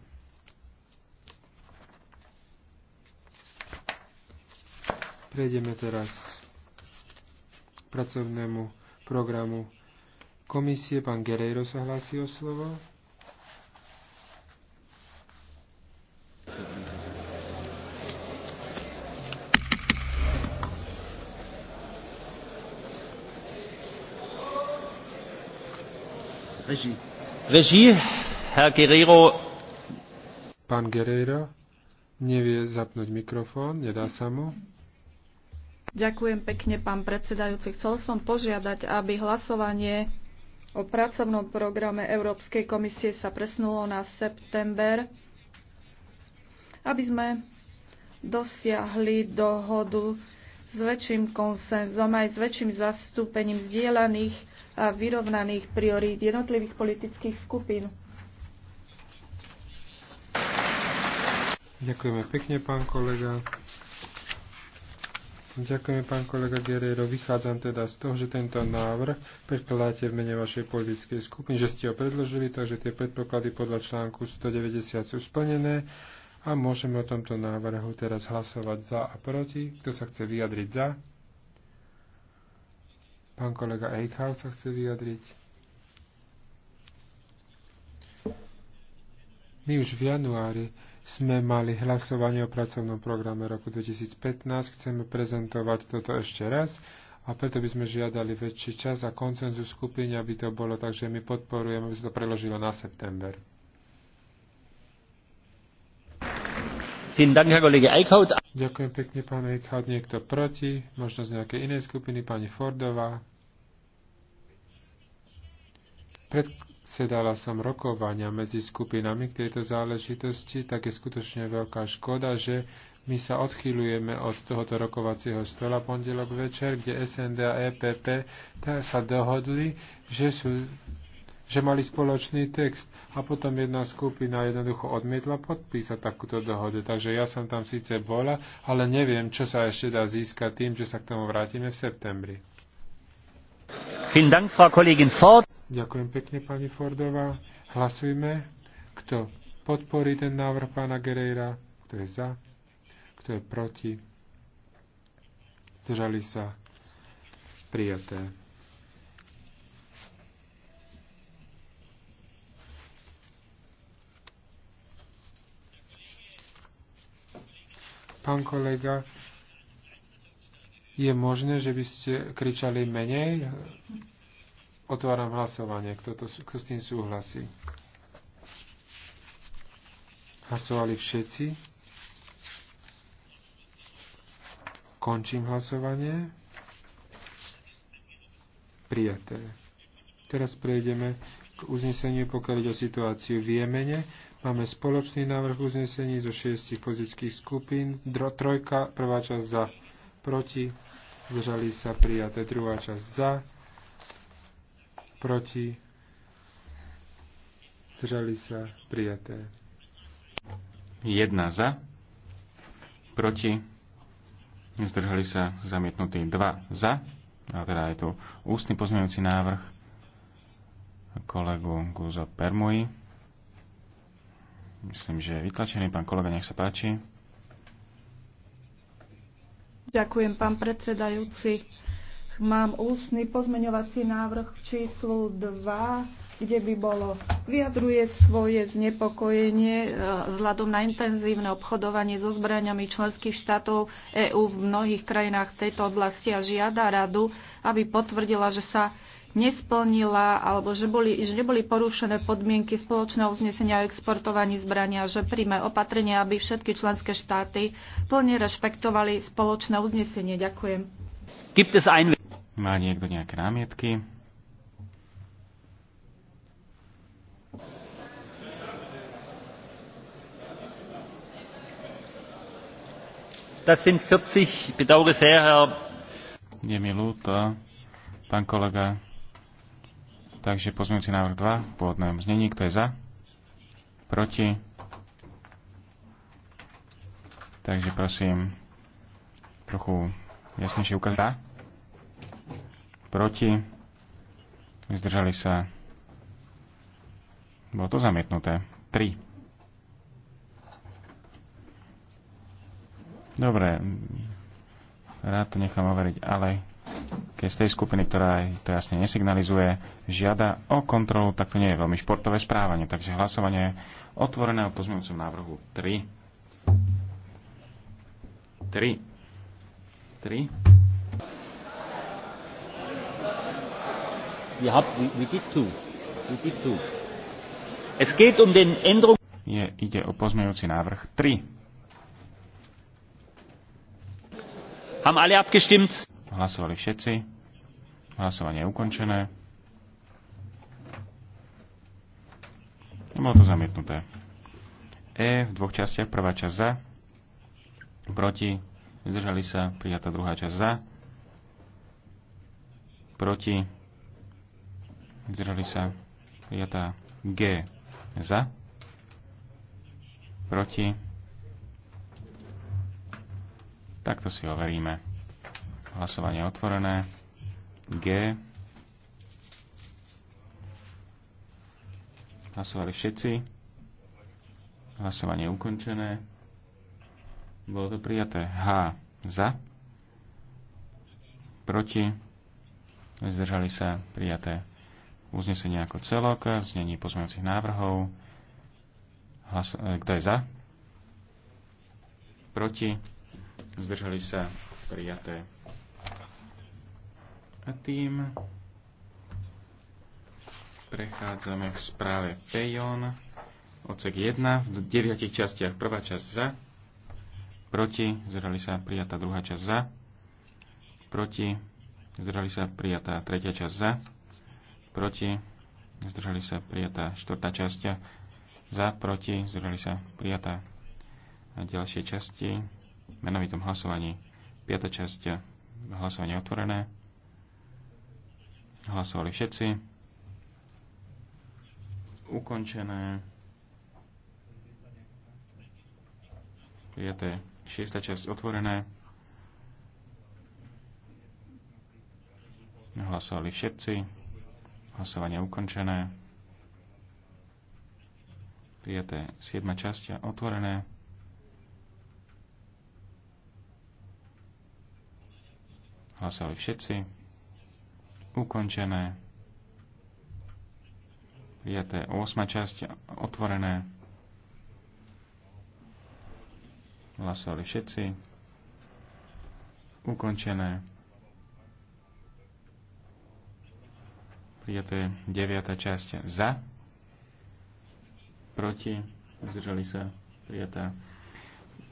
Prejdeme teraz k pracovnému programu komisie. Pán Gerejro sa hlási o slovo. Regie. Regie, Herr Guerrero. Pán Guerrero nevie zapnúť mikrofón, nedá sa mu. Ďakujem pekne, pán predsedajúci. Chcel som požiadať, aby hlasovanie o pracovnom programe Európskej komisie sa presnulo na september, aby sme dosiahli dohodu s väčším konsenzom aj s väčším zastúpením zdieľaných a vyrovnaných priorít jednotlivých politických skupín. Ďakujeme pekne, pán kolega. Ďakujeme, pán kolega Guerrero. Vychádzam teda z toho, že tento návrh predkladáte v mene vašej politickej skupiny, že ste ho predložili, takže tie predpoklady podľa článku 190 sú splnené a môžeme o tomto návrhu teraz hlasovať za a proti. Kto sa chce vyjadriť za? Pán kolega Eichhout sa chce vyjadriť. My už v januári sme mali hlasovanie o pracovnom programe roku 2015. Chceme prezentovať toto ešte raz a preto by sme žiadali väčší čas a koncenzus skupiny, aby to bolo tak, že my podporujeme, aby sa to preložilo na september. Ďakujem pekne, pán Eichhout. Niekto proti? Možno z nejakej inej skupiny, pani Fordová. Predsedala som rokovania medzi skupinami k tejto záležitosti, tak je skutočne veľká škoda, že my sa odchýlujeme od tohoto rokovacieho stola pondelok večer, kde SND a EPP sa dohodli, že sú že mali spoločný text a potom jedna skupina jednoducho odmietla podpísať takúto dohodu. Takže ja som tam síce bola, ale neviem, čo sa ešte dá získať tým, že sa k tomu vrátime v septembri. Ďakujem pekne, pani Fordová. Hlasujme. Kto podporí ten návrh pána Gerejra? Kto je za? Kto je proti? Zdržali sa? Prijaté. Pán kolega, je možné, že by ste kričali menej? Otváram hlasovanie. Kto, to, kto s tým súhlasí? Hlasovali všetci? Končím hlasovanie. Prijaté. Teraz prejdeme k uzneseniu, pokiaľ ide o situáciu v Jemene. Máme spoločný návrh uznesení zo šiestich politických skupín. Dro, trojka, prvá časť za, proti, zdržali sa prijaté. Druhá časť za, proti, zdržali sa prijaté. Jedna za, proti, zdržali sa zamietnutí dva za, a teda je tu ústny pozmeňujúci návrh kolegu Guzo Permuji. Myslím, že je vytlačený. Pán kolega, nech sa páči. Ďakujem, pán predsedajúci. Mám ústny pozmeňovací návrh číslu 2, kde by bolo vyjadruje svoje znepokojenie e, vzhľadom na intenzívne obchodovanie so zbraniami členských štátov EÚ v mnohých krajinách tejto oblasti a žiada radu, aby potvrdila, že sa nesplnila alebo že, boli, že neboli porušené podmienky spoločného uznesenia o exportovaní zbrania, že príjme opatrenia, aby všetky členské štáty plne rešpektovali spoločné uznesenie. Ďakujem. Gibt es ein... Má niekto nejaké námietky? Das sind 40, bedauere sehr, Herr... Je mi ľúto, pán kolega Takže pozmeňujúci návrh 2 v pôvodnom znení. Kto je za? Proti? Takže prosím, trochu jasnejšie ukázať. Za? Proti? Zdržali sa. Bolo to zamietnuté. 3. Dobre, rád to nechám overiť, ale keď z tej skupiny, ktorá to jasne nesignalizuje, žiada o kontrolu, tak to nie je veľmi športové správanie. Takže hlasovanie je otvorené o pozmeňujúcom návrhu 3. 3. 3. Je, ide o pozmeňujúci návrh 3. Haben alle abgestimmt? Hlasovali všetci. Hlasovanie je ukončené. Bolo to zamietnuté. E v dvoch častiach. Prvá časť za. Proti. Zdržali sa. Prijatá druhá časť za. Proti. Zdržali sa. Prijatá G za. Proti. Takto si overíme. Hlasovanie otvorené. G. Hlasovali všetci. Hlasovanie ukončené. Bolo to prijaté. H. Za. Proti. Zdržali sa prijaté uznesenie ako celok, znenie pozmeňujúcich návrhov. Hlas- e, kto je za? Proti. Zdržali sa prijaté a tým prechádzame k správe Pejon, odsek 1, v deviatich častiach. Prvá časť za, proti, zrali sa prijatá druhá časť za, proti, zrali sa prijatá tretia časť za, proti, zdržali sa prijatá štvrtá časť za, proti, zdržali sa prijatá a ďalšie časti, menovitom hlasovaní, piata časť, hlasovanie otvorené, Hlasovali všetci. Ukončené. Prijaté. Šiesta časť otvorené. Hlasovali všetci. Hlasovanie ukončené. Prijaté. Siedma časť otvorené. Hlasovali všetci ukončené. to 8. časť otvorené. Hlasovali všetci. Ukončené. Prijaté 9. časť za. Proti. Zdržali sa. Prijatá.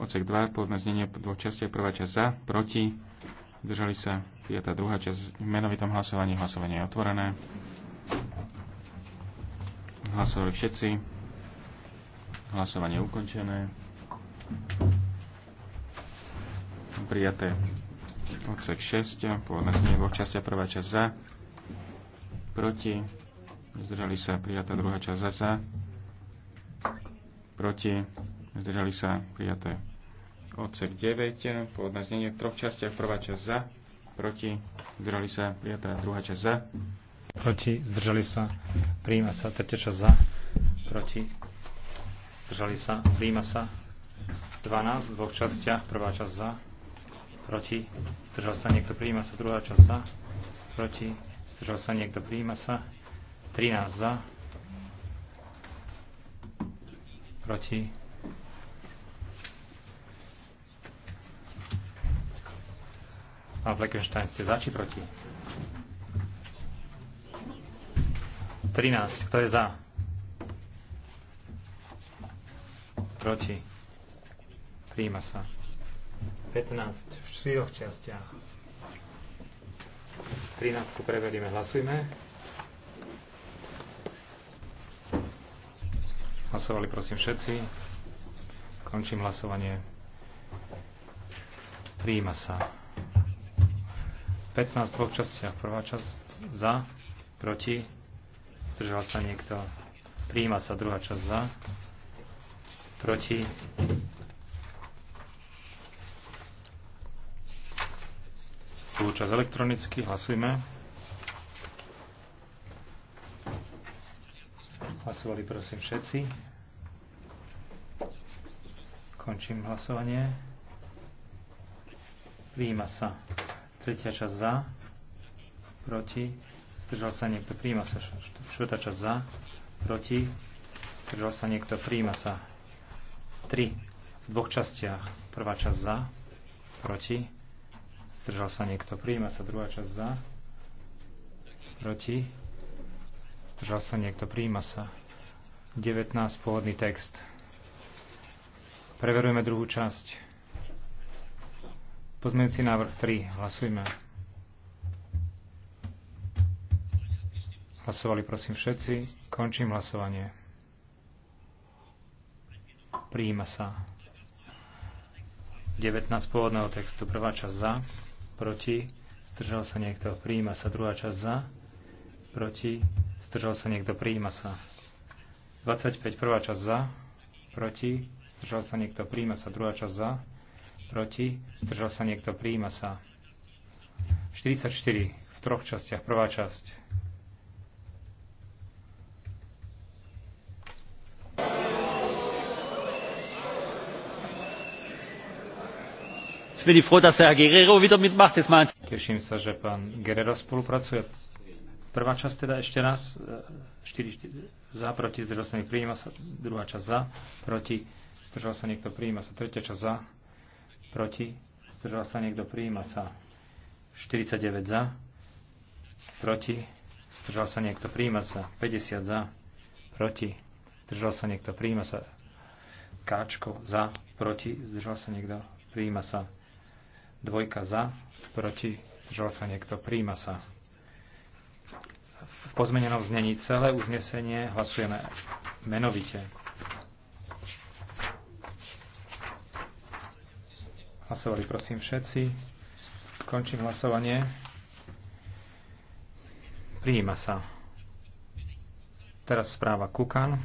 Odsek 2. podmeznenie znenie dvoch častiach. Prvá časť za. Proti. Zdržali sa tá druhá časť v menovitom hlasovaní. Hlasovanie je otvorené. Hlasovali všetci. Hlasovanie je ukončené. Prijaté odsek 6, pôvodné znenie dvoch časti prvá časť za, proti, zdržali sa, prijatá druhá časť za, za, proti, zdržali sa, prijaté odsek 9, pôvodné znenie v troch častiach prvá časť za, proti, zdržali sa, prijatá druhá časť za, proti, zdržali sa, Prijíma sa, tretia časť za, proti, zdržali sa, Prijíma sa, 12 v dvoch častiach, prvá časť za, proti, zdržal sa niekto, príjma sa, druhá časť za, proti, zdržal sa niekto, prijíma sa, 13 za, proti, Pán Fleckenstein, ste za či proti? 13. Kto je za? Proti. Príjima sa. 15. V štyroch častiach. 13. preveríme. Hlasujme. Hlasovali prosím všetci. Končím hlasovanie. Príjima sa. 15 dvoch častiach. Prvá časť za, proti, zdržal sa niekto, príjima sa druhá časť za, proti, druhú časť elektronicky, hlasujme. Hlasovali prosím všetci. Končím hlasovanie. Príjima sa. Tretia časť za, proti, zdržal sa niekto, príjma sa. Štvrtá časť za, proti, zdržal sa niekto, príjma sa. Tri, V dvoch častiach. Prvá časť za, proti, zdržal sa niekto, príjma sa. Druhá časť za, proti, zdržal sa niekto, príjma sa. 19. Pôvodný text. Preverujeme druhú časť. Pozmeňujúci návrh 3. Hlasujme. Hlasovali prosím všetci. Končím hlasovanie. Prijíma sa. 19 pôvodného textu. Prvá časť za, proti, zdržal sa niekto, prijíma sa. Druhá časť za, proti, zdržal sa niekto, prijíma sa. 25 prvá časť za, proti, zdržal sa niekto, prijíma sa. Druhá časť za, proti, zdržal sa niekto, prijíma sa. 44 v troch častiach, prvá časť. Teším sa, že pán Guerrero spolupracuje. Prvá časť teda ešte raz. 4, 4 za, proti, zdržal sa niekto, prijíma sa. Druhá časť za, proti, zdržal sa niekto, prijíma sa. Tretia časť za, proti, zdržal sa niekto, prijíma sa. 49 za, proti, zdržal sa niekto, prijíma sa. 50 za, proti, zdržal sa niekto, prijíma sa. Káčko za, proti, zdržal sa niekto, prijíma sa. Dvojka za, proti, zdržal sa niekto, prijíma sa. V pozmenenom znení celé uznesenie hlasujeme menovite. Hlasovali prosím všetci. Končím hlasovanie. Prijíma sa. Teraz správa Kukan.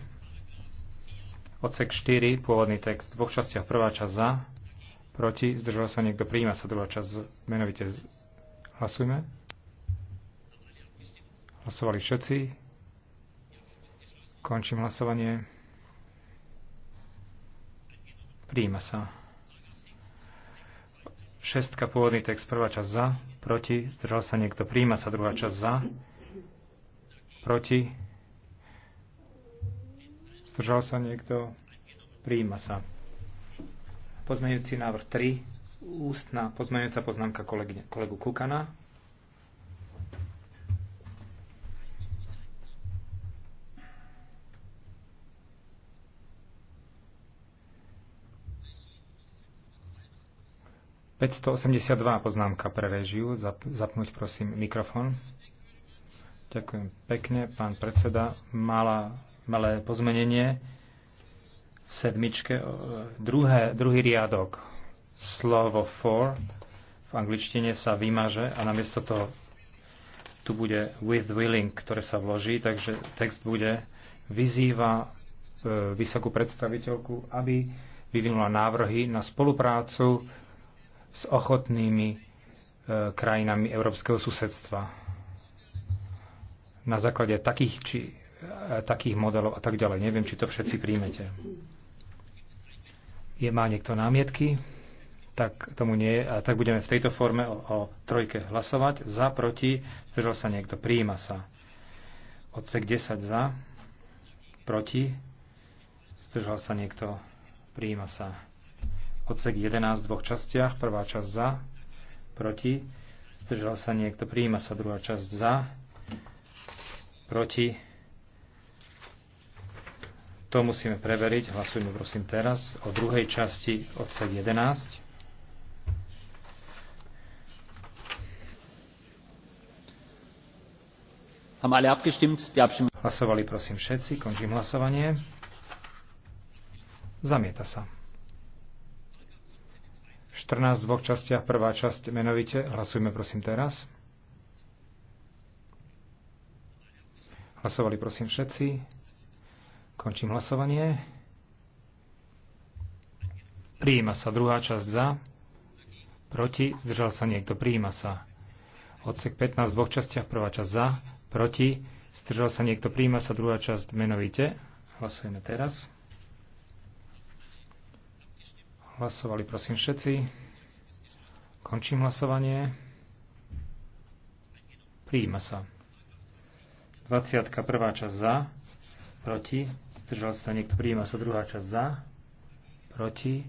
Odsek 4, pôvodný text dvoch častiach. Prvá časť za, proti, zdržal sa niekto, prijíma sa druhá časť, menovite hlasujme. Hlasovali všetci. Končím hlasovanie. Prijíma sa. Šestka, pôvodný text, prvá časť za, proti, zdržal sa niekto, príjma sa druhá časť za, proti, zdržal sa niekto, príjma sa. Pozmeňujúci návrh 3, ústna pozmeňujúca poznámka kolegu Kukana. 582 poznámka pre režiu. Zap, zapnúť prosím mikrofón. Ďakujem pekne, pán predseda. Malá, malé pozmenenie v sedmičke. Druhé, druhý riadok. Slovo for v angličtine sa vymaže a namiesto toho tu bude with willing, ktoré sa vloží, takže text bude vyzýva e, vysokú predstaviteľku, aby vyvinula návrhy na spoluprácu s ochotnými e, krajinami európskeho susedstva. Na základe takých, či, e, takých modelov a tak ďalej. Neviem, či to všetci príjmete. Je, má niekto námietky? Tak tomu nie je. A tak budeme v tejto forme o, o trojke hlasovať. Za, proti, zdržal sa niekto, príjima sa. Odsek 10 za, proti, zdržal sa niekto, príjima sa. Odsek 11 v dvoch častiach. Prvá časť za, proti. Zdržal sa niekto. Prijíma sa druhá časť za, proti. To musíme preveriť. Hlasujme prosím teraz o druhej časti odsek 11. Hlasovali prosím všetci. Končím hlasovanie. Zamieta sa. 14 dvoch častiach, prvá časť menovite. Hlasujme prosím teraz. Hlasovali prosím všetci. Končím hlasovanie. Prijíma sa druhá časť za. Proti. Zdržal sa niekto. Prijíma sa. Odsek 15 dvoch častiach. Prvá časť za. Proti. Zdržal sa niekto. Prijíma sa druhá časť menovite. Hlasujeme teraz. Hlasovali prosím všetci. Končím hlasovanie. Prijíma sa. 20. prvá časť za, proti, zdržal sa niekto, prijíma sa druhá časť za, proti,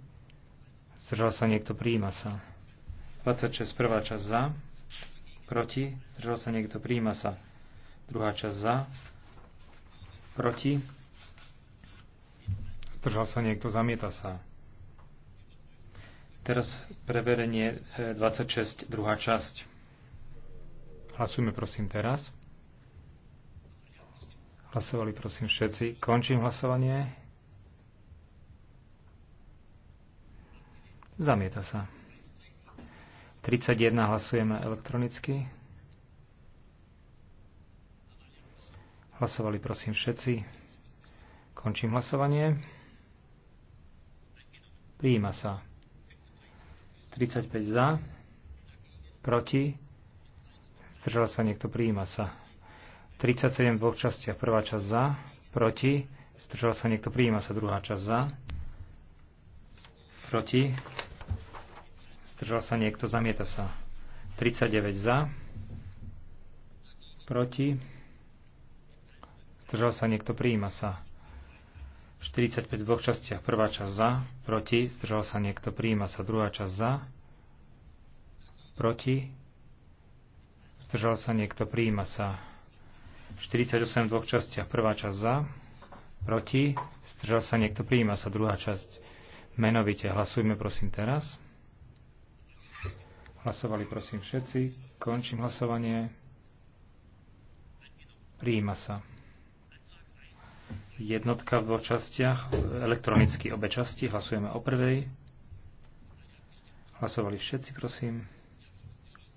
zdržal sa niekto, prijíma sa. 26. prvá časť za, proti, zdržal sa niekto, prijíma sa. Druhá časť za, proti, zdržal sa niekto, zamieta sa. Teraz preverenie 26, e, druhá časť. Hlasujme prosím teraz. Hlasovali prosím všetci. Končím hlasovanie. Zamieta sa. 31 hlasujeme elektronicky. Hlasovali prosím všetci. Končím hlasovanie. Prijíma sa. 35 za, proti, zdržal sa niekto, prijíma sa. 37 v dvoch častiach, prvá časť za, proti, zdržal sa niekto, prijíma sa druhá časť za, proti, zdržal sa niekto, zamieta sa. 39 za, proti, zdržal sa niekto, prijíma sa. 45 v dvoch častiach. Prvá časť za, proti, zdržal sa niekto, prijíma sa. Druhá časť za, proti, zdržal sa niekto, prijíma sa. 48 v dvoch častiach. Prvá časť za, proti, zdržal sa niekto, prijíma sa. Druhá časť menovite. Hlasujme prosím teraz. Hlasovali prosím všetci. Končím hlasovanie. Prijíma sa. Jednotka v dvoch častiach, elektronicky obe časti. Hlasujeme o prvej. Hlasovali všetci, prosím.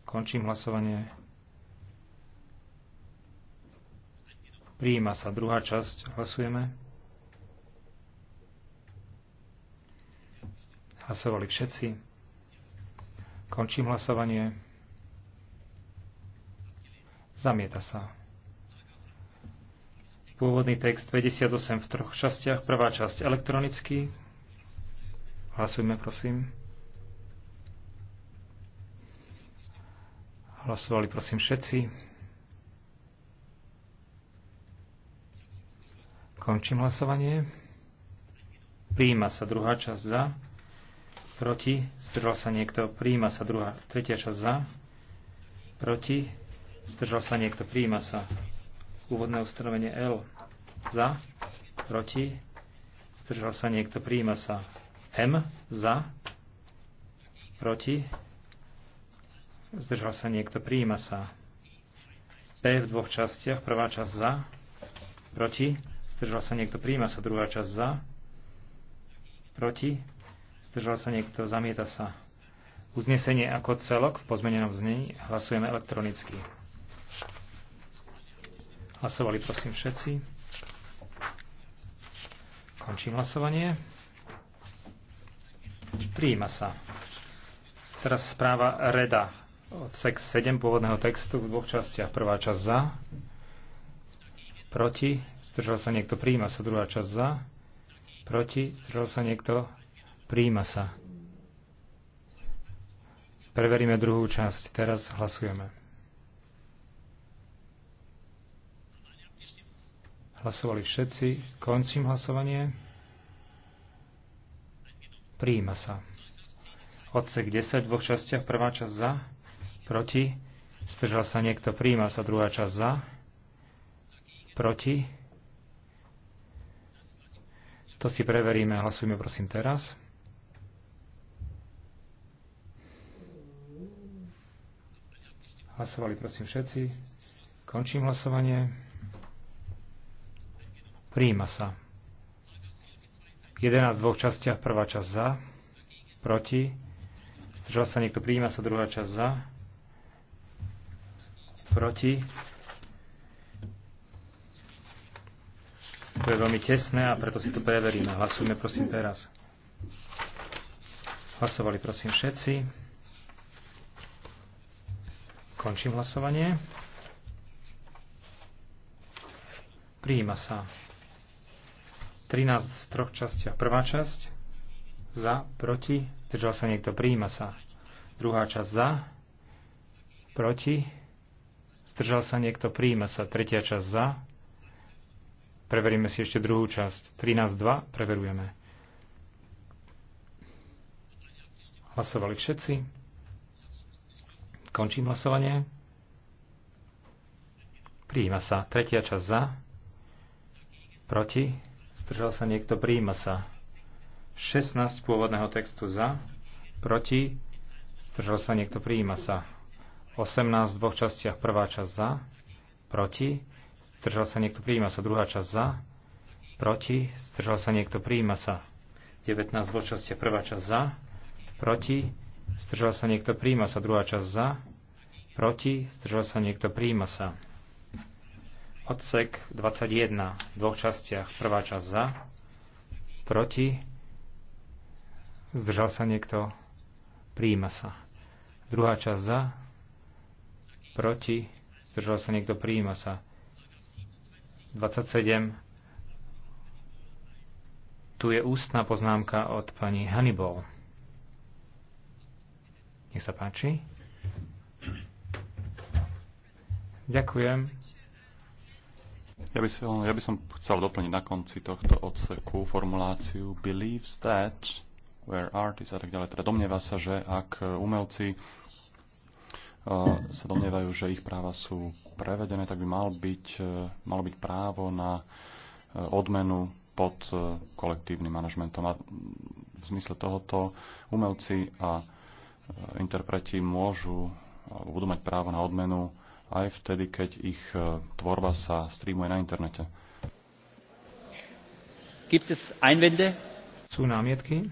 Končím hlasovanie. Prijíma sa druhá časť. Hlasujeme. Hlasovali všetci. Končím hlasovanie. Zamieta sa. Pôvodný text 58 v troch častiach. Prvá časť elektronicky. Hlasujme, prosím. Hlasovali, prosím, všetci. Končím hlasovanie. Príjima sa druhá časť za. Proti. Zdržal sa niekto. Príjima sa druhá, tretia časť za. Proti. Zdržal sa niekto. Príjima sa. Úvodné ustanovenie L. Za. Proti. Zdržal sa niekto. prijíma sa. M. Za. Proti. Zdržal sa niekto. prijíma sa. P v dvoch častiach. Prvá časť za. Proti. Zdržal sa niekto. prijíma sa. Druhá časť za. Proti. Zdržal sa niekto. Zamieta sa. Uznesenie ako celok v pozmenenom znení hlasujeme elektronicky. Hlasovali prosím všetci. Končím hlasovanie. Príjima sa. Teraz správa Reda. Odsek 7 pôvodného textu v dvoch častiach. Prvá časť za. Proti. Zdržal sa niekto. Príjima sa. Druhá časť za. Proti. Zdržal sa niekto. Príjima sa. Preveríme druhú časť. Teraz hlasujeme. Hlasovali všetci. Končím hlasovanie. Príjima sa. Odsek 10 v dvoch častiach. Prvá časť za, proti. Stržal sa niekto. Príjima sa druhá časť za, proti. To si preveríme. Hlasujme prosím teraz. Hlasovali prosím všetci. Končím hlasovanie. Príjima sa. 11 v dvoch častiach, prvá časť za, proti, zdržal sa niekto, príjima sa druhá časť za, proti. To je veľmi tesné a preto si to preveríme. Hlasujme prosím teraz. Hlasovali prosím všetci. Končím hlasovanie. Prijíma sa. 13 v troch častiach. Prvá časť za, proti, zdržal sa niekto, prijíma sa. Druhá časť za, proti, zdržal sa niekto, prijíma sa. Tretia časť za, preveríme si ešte druhú časť. 13.2 preverujeme. Hlasovali všetci. Končím hlasovanie. Prijíma sa. Tretia časť za. Proti. Zdržal sa niekto? Príjima sa. 16 pôvodného textu za. Proti. Zdržal sa niekto? Príjima sa. 18 v dvoch častiach. Prvá časť za. Proti. Zdržal sa niekto? Príjima sa. Druhá časť za. Proti. Zdržal sa niekto? Príjima sa. 19 v dvoch častiach. Prvá časť za. Proti. Zdržal sa niekto? Príjima sa. Druhá časť za. Proti. Zdržal sa niekto? Príjima sa. Odsek 21 v dvoch častiach. Prvá časť za, proti, zdržal sa niekto, príjima sa. Druhá časť za, proti, zdržal sa niekto, príjima sa. 27. Tu je ústna poznámka od pani Hannibal. Nech sa páči. Ďakujem ja by, som, ja by som chcel doplniť na konci tohto odseku formuláciu believes that where art is a tak ďalej. Teda domnieva sa, že ak umelci e, sa domnievajú, že ich práva sú prevedené, tak by mal byť, e, malo byť právo na e, odmenu pod kolektívnym manažmentom. A v zmysle tohoto umelci a interpreti môžu alebo budú mať právo na odmenu aj vtedy, keď ich e, tvorba sa streamuje na internete. Gibt es Einwände? Sú námietky?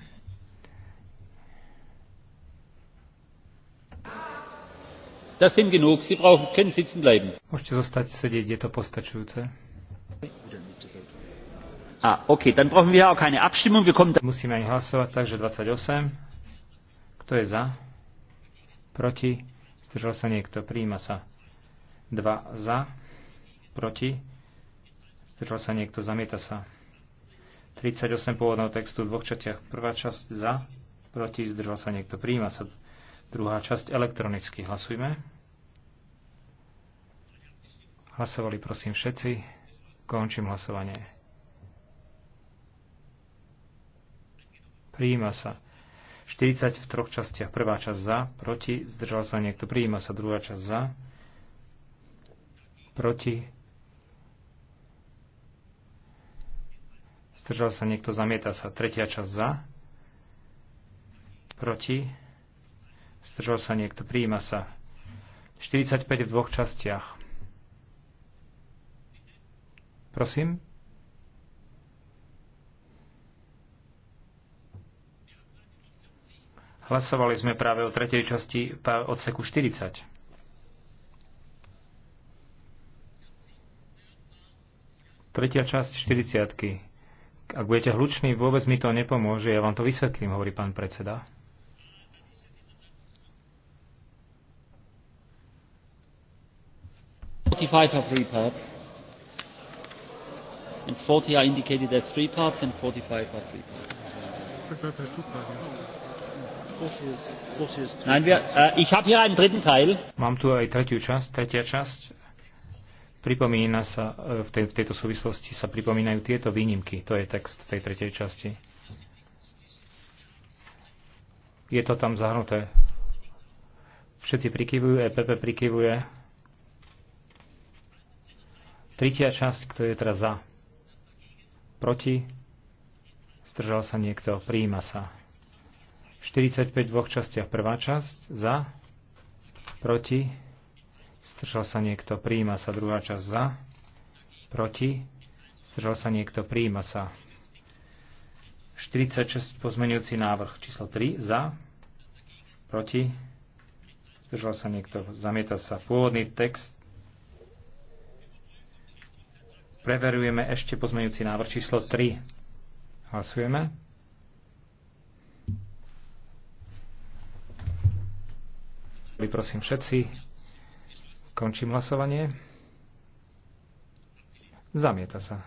Das sind genug. Sie brauchen, können sitzen bleiben. Môžete zostať sedieť, je to postačujúce. Ah, okay, dann brauchen wir auch keine Abstimmung. Wir kommen Musíme ani hlasovať, takže 28. Kto je za? Proti? Zdržal sa niekto? Príjima sa. 2 za, proti, zdržal sa niekto, zamieta sa. 38 pôvodného textu v dvoch častiach. Prvá časť za, proti, zdržal sa niekto, príjma sa. Druhá časť elektronicky. Hlasujme. Hlasovali prosím všetci. Končím hlasovanie. Príjima sa. 40 v troch častiach. Prvá časť za, proti, zdržal sa niekto, príjma sa. Druhá časť za, proti, zdržal sa niekto, zamieta sa, tretia časť za, proti, zdržal sa niekto, prijíma sa, 45 v dvoch častiach. Prosím. Hlasovali sme práve o tretej časti odseku 40. Tretia časť 40. Ak budete hluční, vôbec mi to nepomôže, ja vám to vysvetlím, hovorí pán predseda. Äh, Mám tu aj tretiu časť, tretia časť Pripomína sa, e, v, tej, v tejto súvislosti sa pripomínajú tieto výnimky. To je text tej tretej časti. Je to tam zahrnuté. Všetci prikyvujú, EPP prikyvuje. Tretia časť, kto je teraz za? Proti? Zdržal sa niekto? Prijíma sa. 45 v dvoch častiach. Prvá časť za, proti, Zdržal sa niekto, príjima sa druhá časť za. Proti. Zdržal sa niekto, príjima sa. 46 pozmeňujúci návrh číslo 3 za. Proti. Zdržal sa niekto, zamieta sa. Pôvodný text. Preverujeme ešte pozmeňujúci návrh číslo 3. Hlasujeme. Prosím všetci, Končím hlasovanie. Zamieta sa.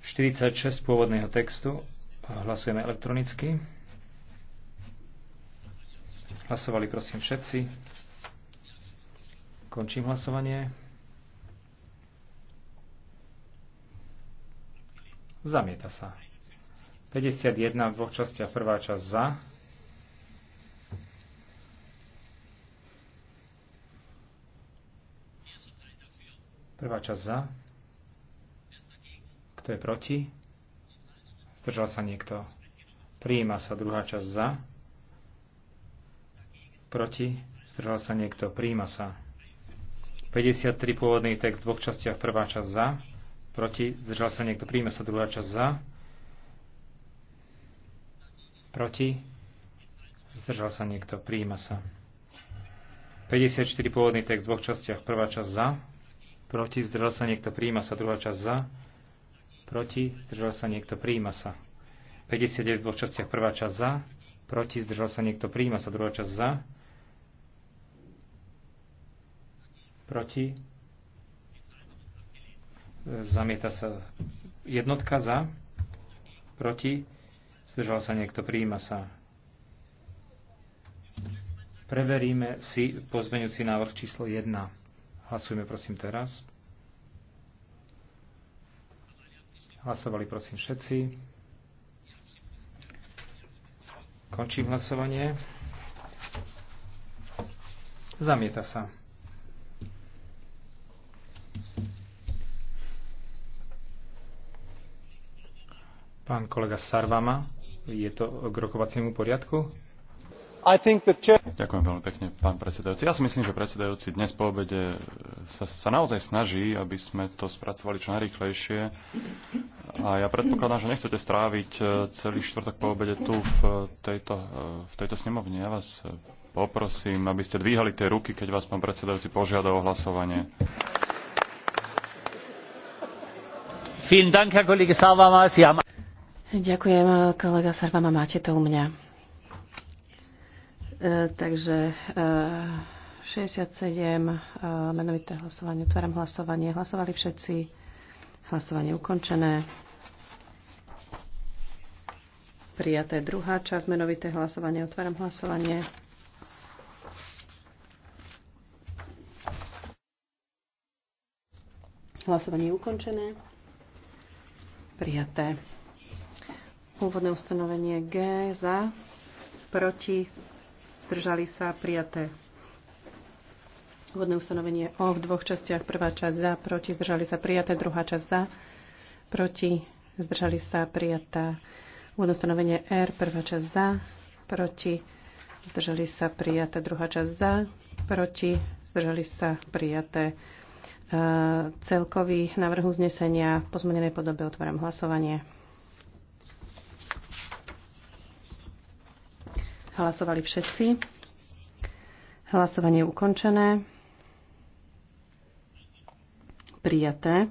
46 pôvodného textu. Hlasujeme elektronicky. Hlasovali prosím všetci. Končím hlasovanie. Zamieta sa. 51 v dvoch častiach prvá časť za. časť za. Kto je proti? Zdržal sa niekto. Prijíma sa druhá časť za. Proti? Zdržal sa niekto. Prijíma sa. 53 pôvodný text v dvoch častiach. Prvá časť za. Proti? Zdržal sa niekto. Prijíma sa druhá časť za. Proti? Zdržal sa niekto. Prijíma sa. 54 pôvodný text v dvoch častiach. Prvá časť za proti, zdržal sa niekto, príjma sa. Druhá časť za, proti, zdržal sa niekto, príjma sa. 59 v dvoch častiach, prvá časť za, proti, zdržal sa niekto, príjma sa. Druhá časť za, proti, zamieta sa jednotka za, proti, zdržal sa niekto, príjma sa. Preveríme si pozmeňujúci návrh číslo 1. Hlasujme prosím teraz. Hlasovali prosím všetci. Končím hlasovanie. Zamieta sa. Pán kolega Sarvama, je to k rokovaciemu poriadku? Ďakujem veľmi pekne, pán predsedajúci. Ja si myslím, že predsedajúci dnes po obede e, sa, sa naozaj snaží, aby sme to spracovali čo najrychlejšie. A ja predpokladám, že nechcete stráviť e, celý štvrtok po obede tu v e, tejto, v tejto snemovni. Ja vás poprosím, aby ste dvíhali tie ruky, keď vás pán predsedajúci požiada o hlasovanie. Ďakujem, kolega Sarvama. Máte to u mňa. E, takže 67, e, e, menovité hlasovanie, otváram hlasovanie. Hlasovali všetci. Hlasovanie ukončené. Prijaté druhá časť, menovité hlasovanie, otváram hlasovanie. Hlasovanie ukončené. Prijaté. Úvodné ustanovenie G za, proti, zdržali sa, prijaté. Vodné ustanovenie O v dvoch častiach. Prvá časť za, proti, zdržali sa, prijaté. Druhá časť za, proti, zdržali sa, prijatá. Vodné ustanovenie R, prvá časť za, proti, zdržali sa, prijaté. Druhá časť za, proti, zdržali sa, prijaté. E, celkový návrh uznesenia v pozmenenej podobe otváram hlasovanie. Hlasovali všetci. Hlasovanie je ukončené. Prijaté.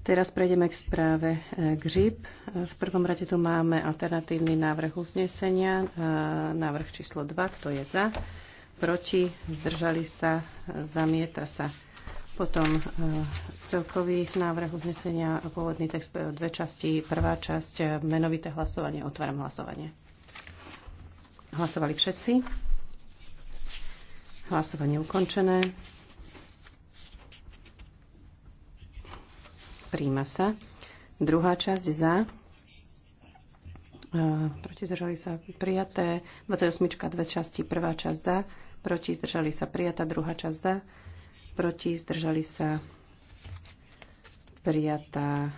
Teraz prejdeme k správe e, GRIP. V prvom rade tu máme alternatívny návrh uznesenia, e, návrh číslo 2, kto je za, proti, zdržali sa, zamieta sa. Potom e, celkový návrh uznesenia, pôvodný text dve časti. Prvá časť, menovité hlasovanie, otváram hlasovanie. Hlasovali všetci. Hlasovanie ukončené. Príjma sa. Druhá časť za. E, proti zdržali sa prijaté. 28. dve časti. Prvá časť za. Proti zdržali sa prijatá. Druhá časť za. Proti zdržali sa prijatá.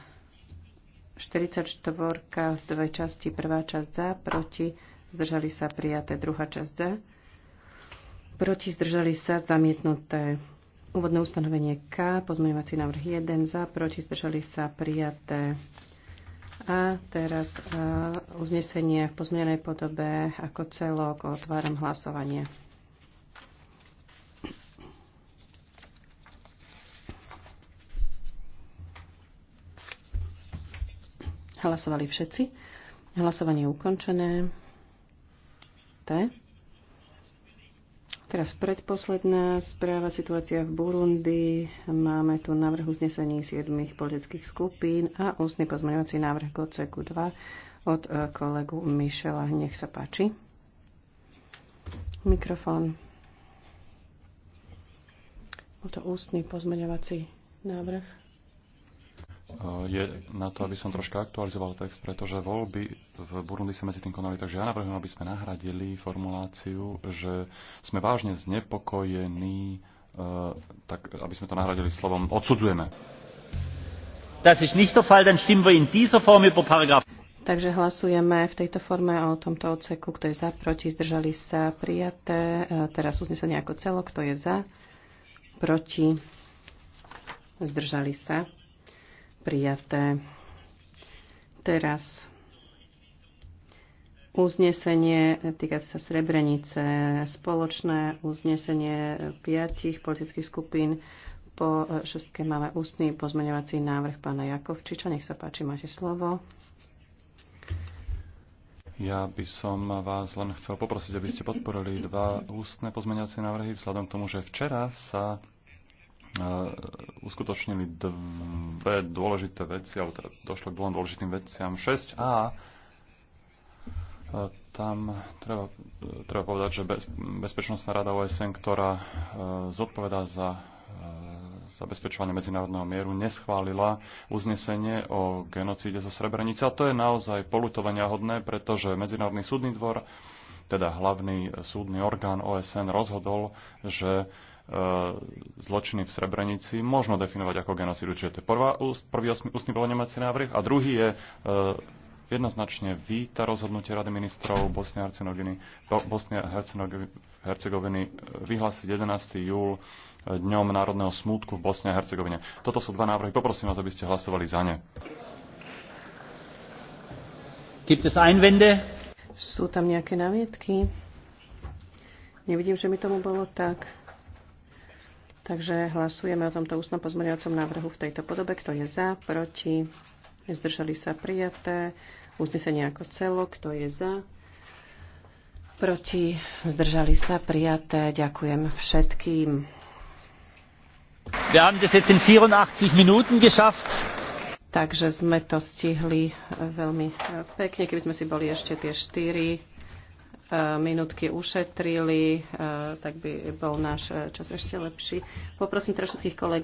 44. v dve časti. Prvá časť za. Proti zdržali sa prijaté. Druhá časť D. proti, zdržali sa zamietnuté. Úvodné ustanovenie K, pozmeňovací návrh 1 za, proti, zdržali sa prijaté. A teraz uh, uznesenie v pozmenenej podobe ako celok. Otváram hlasovanie. Hlasovali všetci. Hlasovanie je ukončené prijaté. Teraz predposledná správa situácia v Burundi. Máme tu návrh uznesení siedmých politických skupín a ústny pozmeňovací návrh k odseku 2 od eh, kolegu Mišela. Nech sa páči. Mikrofón. Bol to ústny pozmeňovací návrh. Eh, je na to, aby som troška aktualizoval text, pretože voľby v Burundi sa medzi tým konali, takže ja navrhujem, aby sme nahradili formuláciu, že sme vážne znepokojení, eh, tak aby sme to nahradili slovom odsudzujeme. Takže hlasujeme v tejto forme o tomto odseku, kto je za, proti, zdržali sa, prijaté. Eh, teraz uznesenie ako celo, kto je za, proti, zdržali sa prijaté. Teraz uznesenie týkajúce sa Srebrenice, spoločné uznesenie piatich politických skupín. Po šestke máme ústny pozmeňovací návrh pána Jakovčiča. Nech sa páči, máte slovo. Ja by som vás len chcel poprosiť, aby ste podporili dva ústne pozmeňovacie návrhy vzhľadom k tomu, že včera sa E, uskutočnili dve dôležité veci, alebo teda došlo k dvom dôležitým veciam. 6a, e, tam treba, treba povedať, že bez, Bezpečnostná rada OSN, ktorá e, zodpovedá za zabezpečovanie medzinárodného mieru, neschválila uznesenie o genocíde zo Srebrenice. A to je naozaj polutovania hodné, pretože Medzinárodný súdny dvor, teda hlavný súdny orgán OSN, rozhodol, že E, zločiny v Srebrenici možno definovať ako genocidu. Čiže to je prvá, prvý ústny polonemací návrh a druhý je e, jednoznačne víta rozhodnutie Rady ministrov Bosne a Hercegoviny, Bosny a Hercegoviny e, vyhlásiť 11. júl dňom národného smútku v Bosne a Hercegovine. Toto sú dva návrhy. Poprosím vás, aby ste hlasovali za ne. Gibt es Einwände? Sú tam nejaké námietky? Nevidím, že by tomu bolo tak. Takže hlasujeme o tomto ústnom pozmeriacom návrhu v tejto podobe. Kto je za, proti, zdržali sa prijaté. Uznesenie ako celo, kto je za, proti, zdržali sa prijaté. Ďakujem všetkým. Wir haben das jetzt in 84 Minuten geschafft. Takže sme to stihli eh, veľmi eh, pekne, keby sme si boli ešte tie štyri minútky ušetrili, eh, tak by bol náš eh, čas ešte lepší. Poprosím teraz všetkých kolegov,